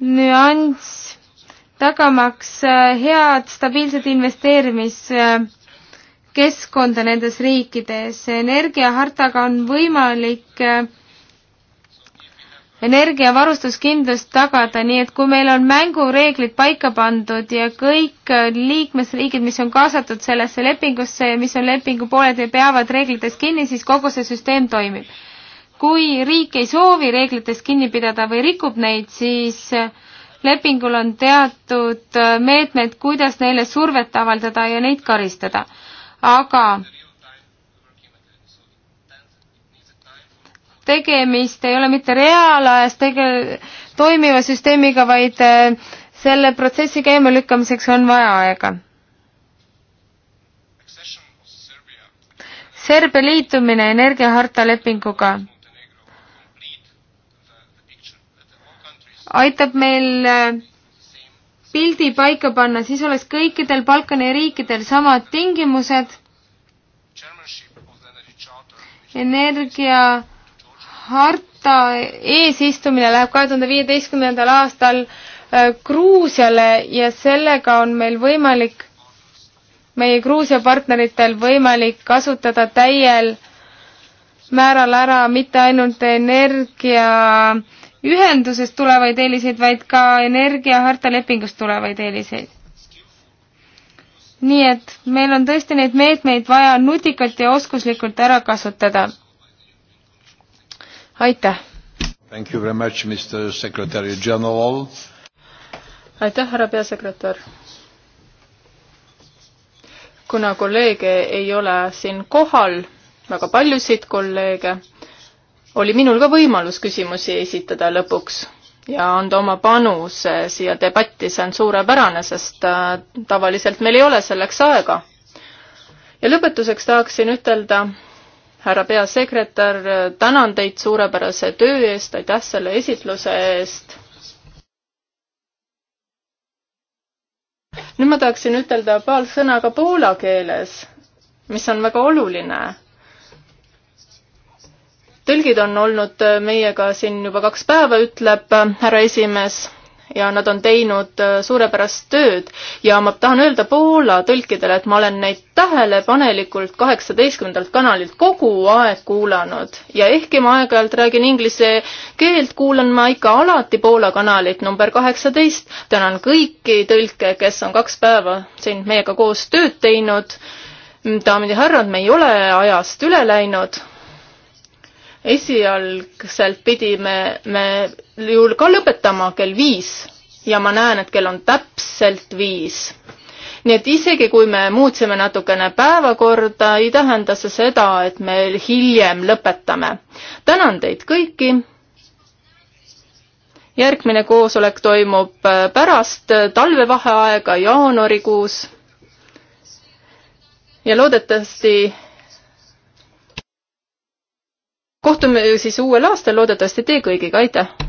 nüanss, tagamaks äh, head stabiilset investeerimiskeskkonda nendes riikides. energiahartaga on võimalik äh, energiavarustuskindlust tagada, nii et kui meil on mängureeglid paika pandud ja kõik äh, liikmesriigid, mis on kaasatud sellesse lepingusse ja mis on lepingupooled ja peavad reeglitest kinni, siis kogu see süsteem toimib kui riik ei soovi reeglitest kinni pidada või rikub neid, siis äh, lepingul on teatud äh, meetmed, kuidas neile survet avaldada ja neid karistada. aga tegemist ei ole mitte reaalajas tege-, toimiva süsteemiga, vaid äh, selle protsessi käimalükkamiseks on vaja aega. Serbia liitumine energiaharta lepinguga aitab meil äh, pildi paika panna, siis oleks kõikidel Balkani riikidel samad tingimused. energiaharta eesistumine läheb kahe tuhande viieteistkümnendal aastal äh, Gruusiale ja sellega on meil võimalik, meie Gruusia partneritel võimalik kasutada täiel määral ära mitte ainult energia äh, ühendusest tulevaid eeliseid, vaid ka energiaharta lepingust tulevaid eeliseid. nii et meil on tõesti neid meetmeid vaja nutikalt ja oskuslikult ära kasutada. aitäh! aitäh, härra peasekretär! kuna kolleege ei ole siin kohal, väga paljusid kolleege, oli minul ka võimalus küsimusi esitada lõpuks ja anda oma panuse siia debatti, see on suurepärane, sest äh, tavaliselt meil ei ole selleks aega. ja lõpetuseks tahaksin ütelda, härra peasekretär, tänan teid suurepärase töö eest, aitäh selle esitluse eest. nüüd ma tahaksin ütelda paar sõna ka poola keeles, mis on väga oluline tõlgid on olnud meiega siin juba kaks päeva, ütleb härra esimees, ja nad on teinud suurepärast tööd ja ma tahan öelda Poola tõlkidele, et ma olen neid tähelepanelikult kaheksateistkümnendalt kanalilt kogu aeg kuulanud ja ehkki ma aeg-ajalt räägin inglise keelt, kuulan ma ikka alati Poola kanalit number kaheksateist. tänan kõiki tõlke, kes on kaks päeva siin meiega koos tööd teinud. daamid ja härrad, me ei ole ajast üle läinud esialgselt pidime me ju ka lõpetama kell viis ja ma näen, et kell on täpselt viis. nii et isegi, kui me muutsime natukene päevakorda, ei tähenda see seda, et me hiljem lõpetame. tänan teid kõiki. järgmine koosolek toimub äh, pärast äh, talvevaheaega jaanuarikuus ja loodetavasti kohtume siis uuel aastal, loodetavasti teie kõigiga, aitäh!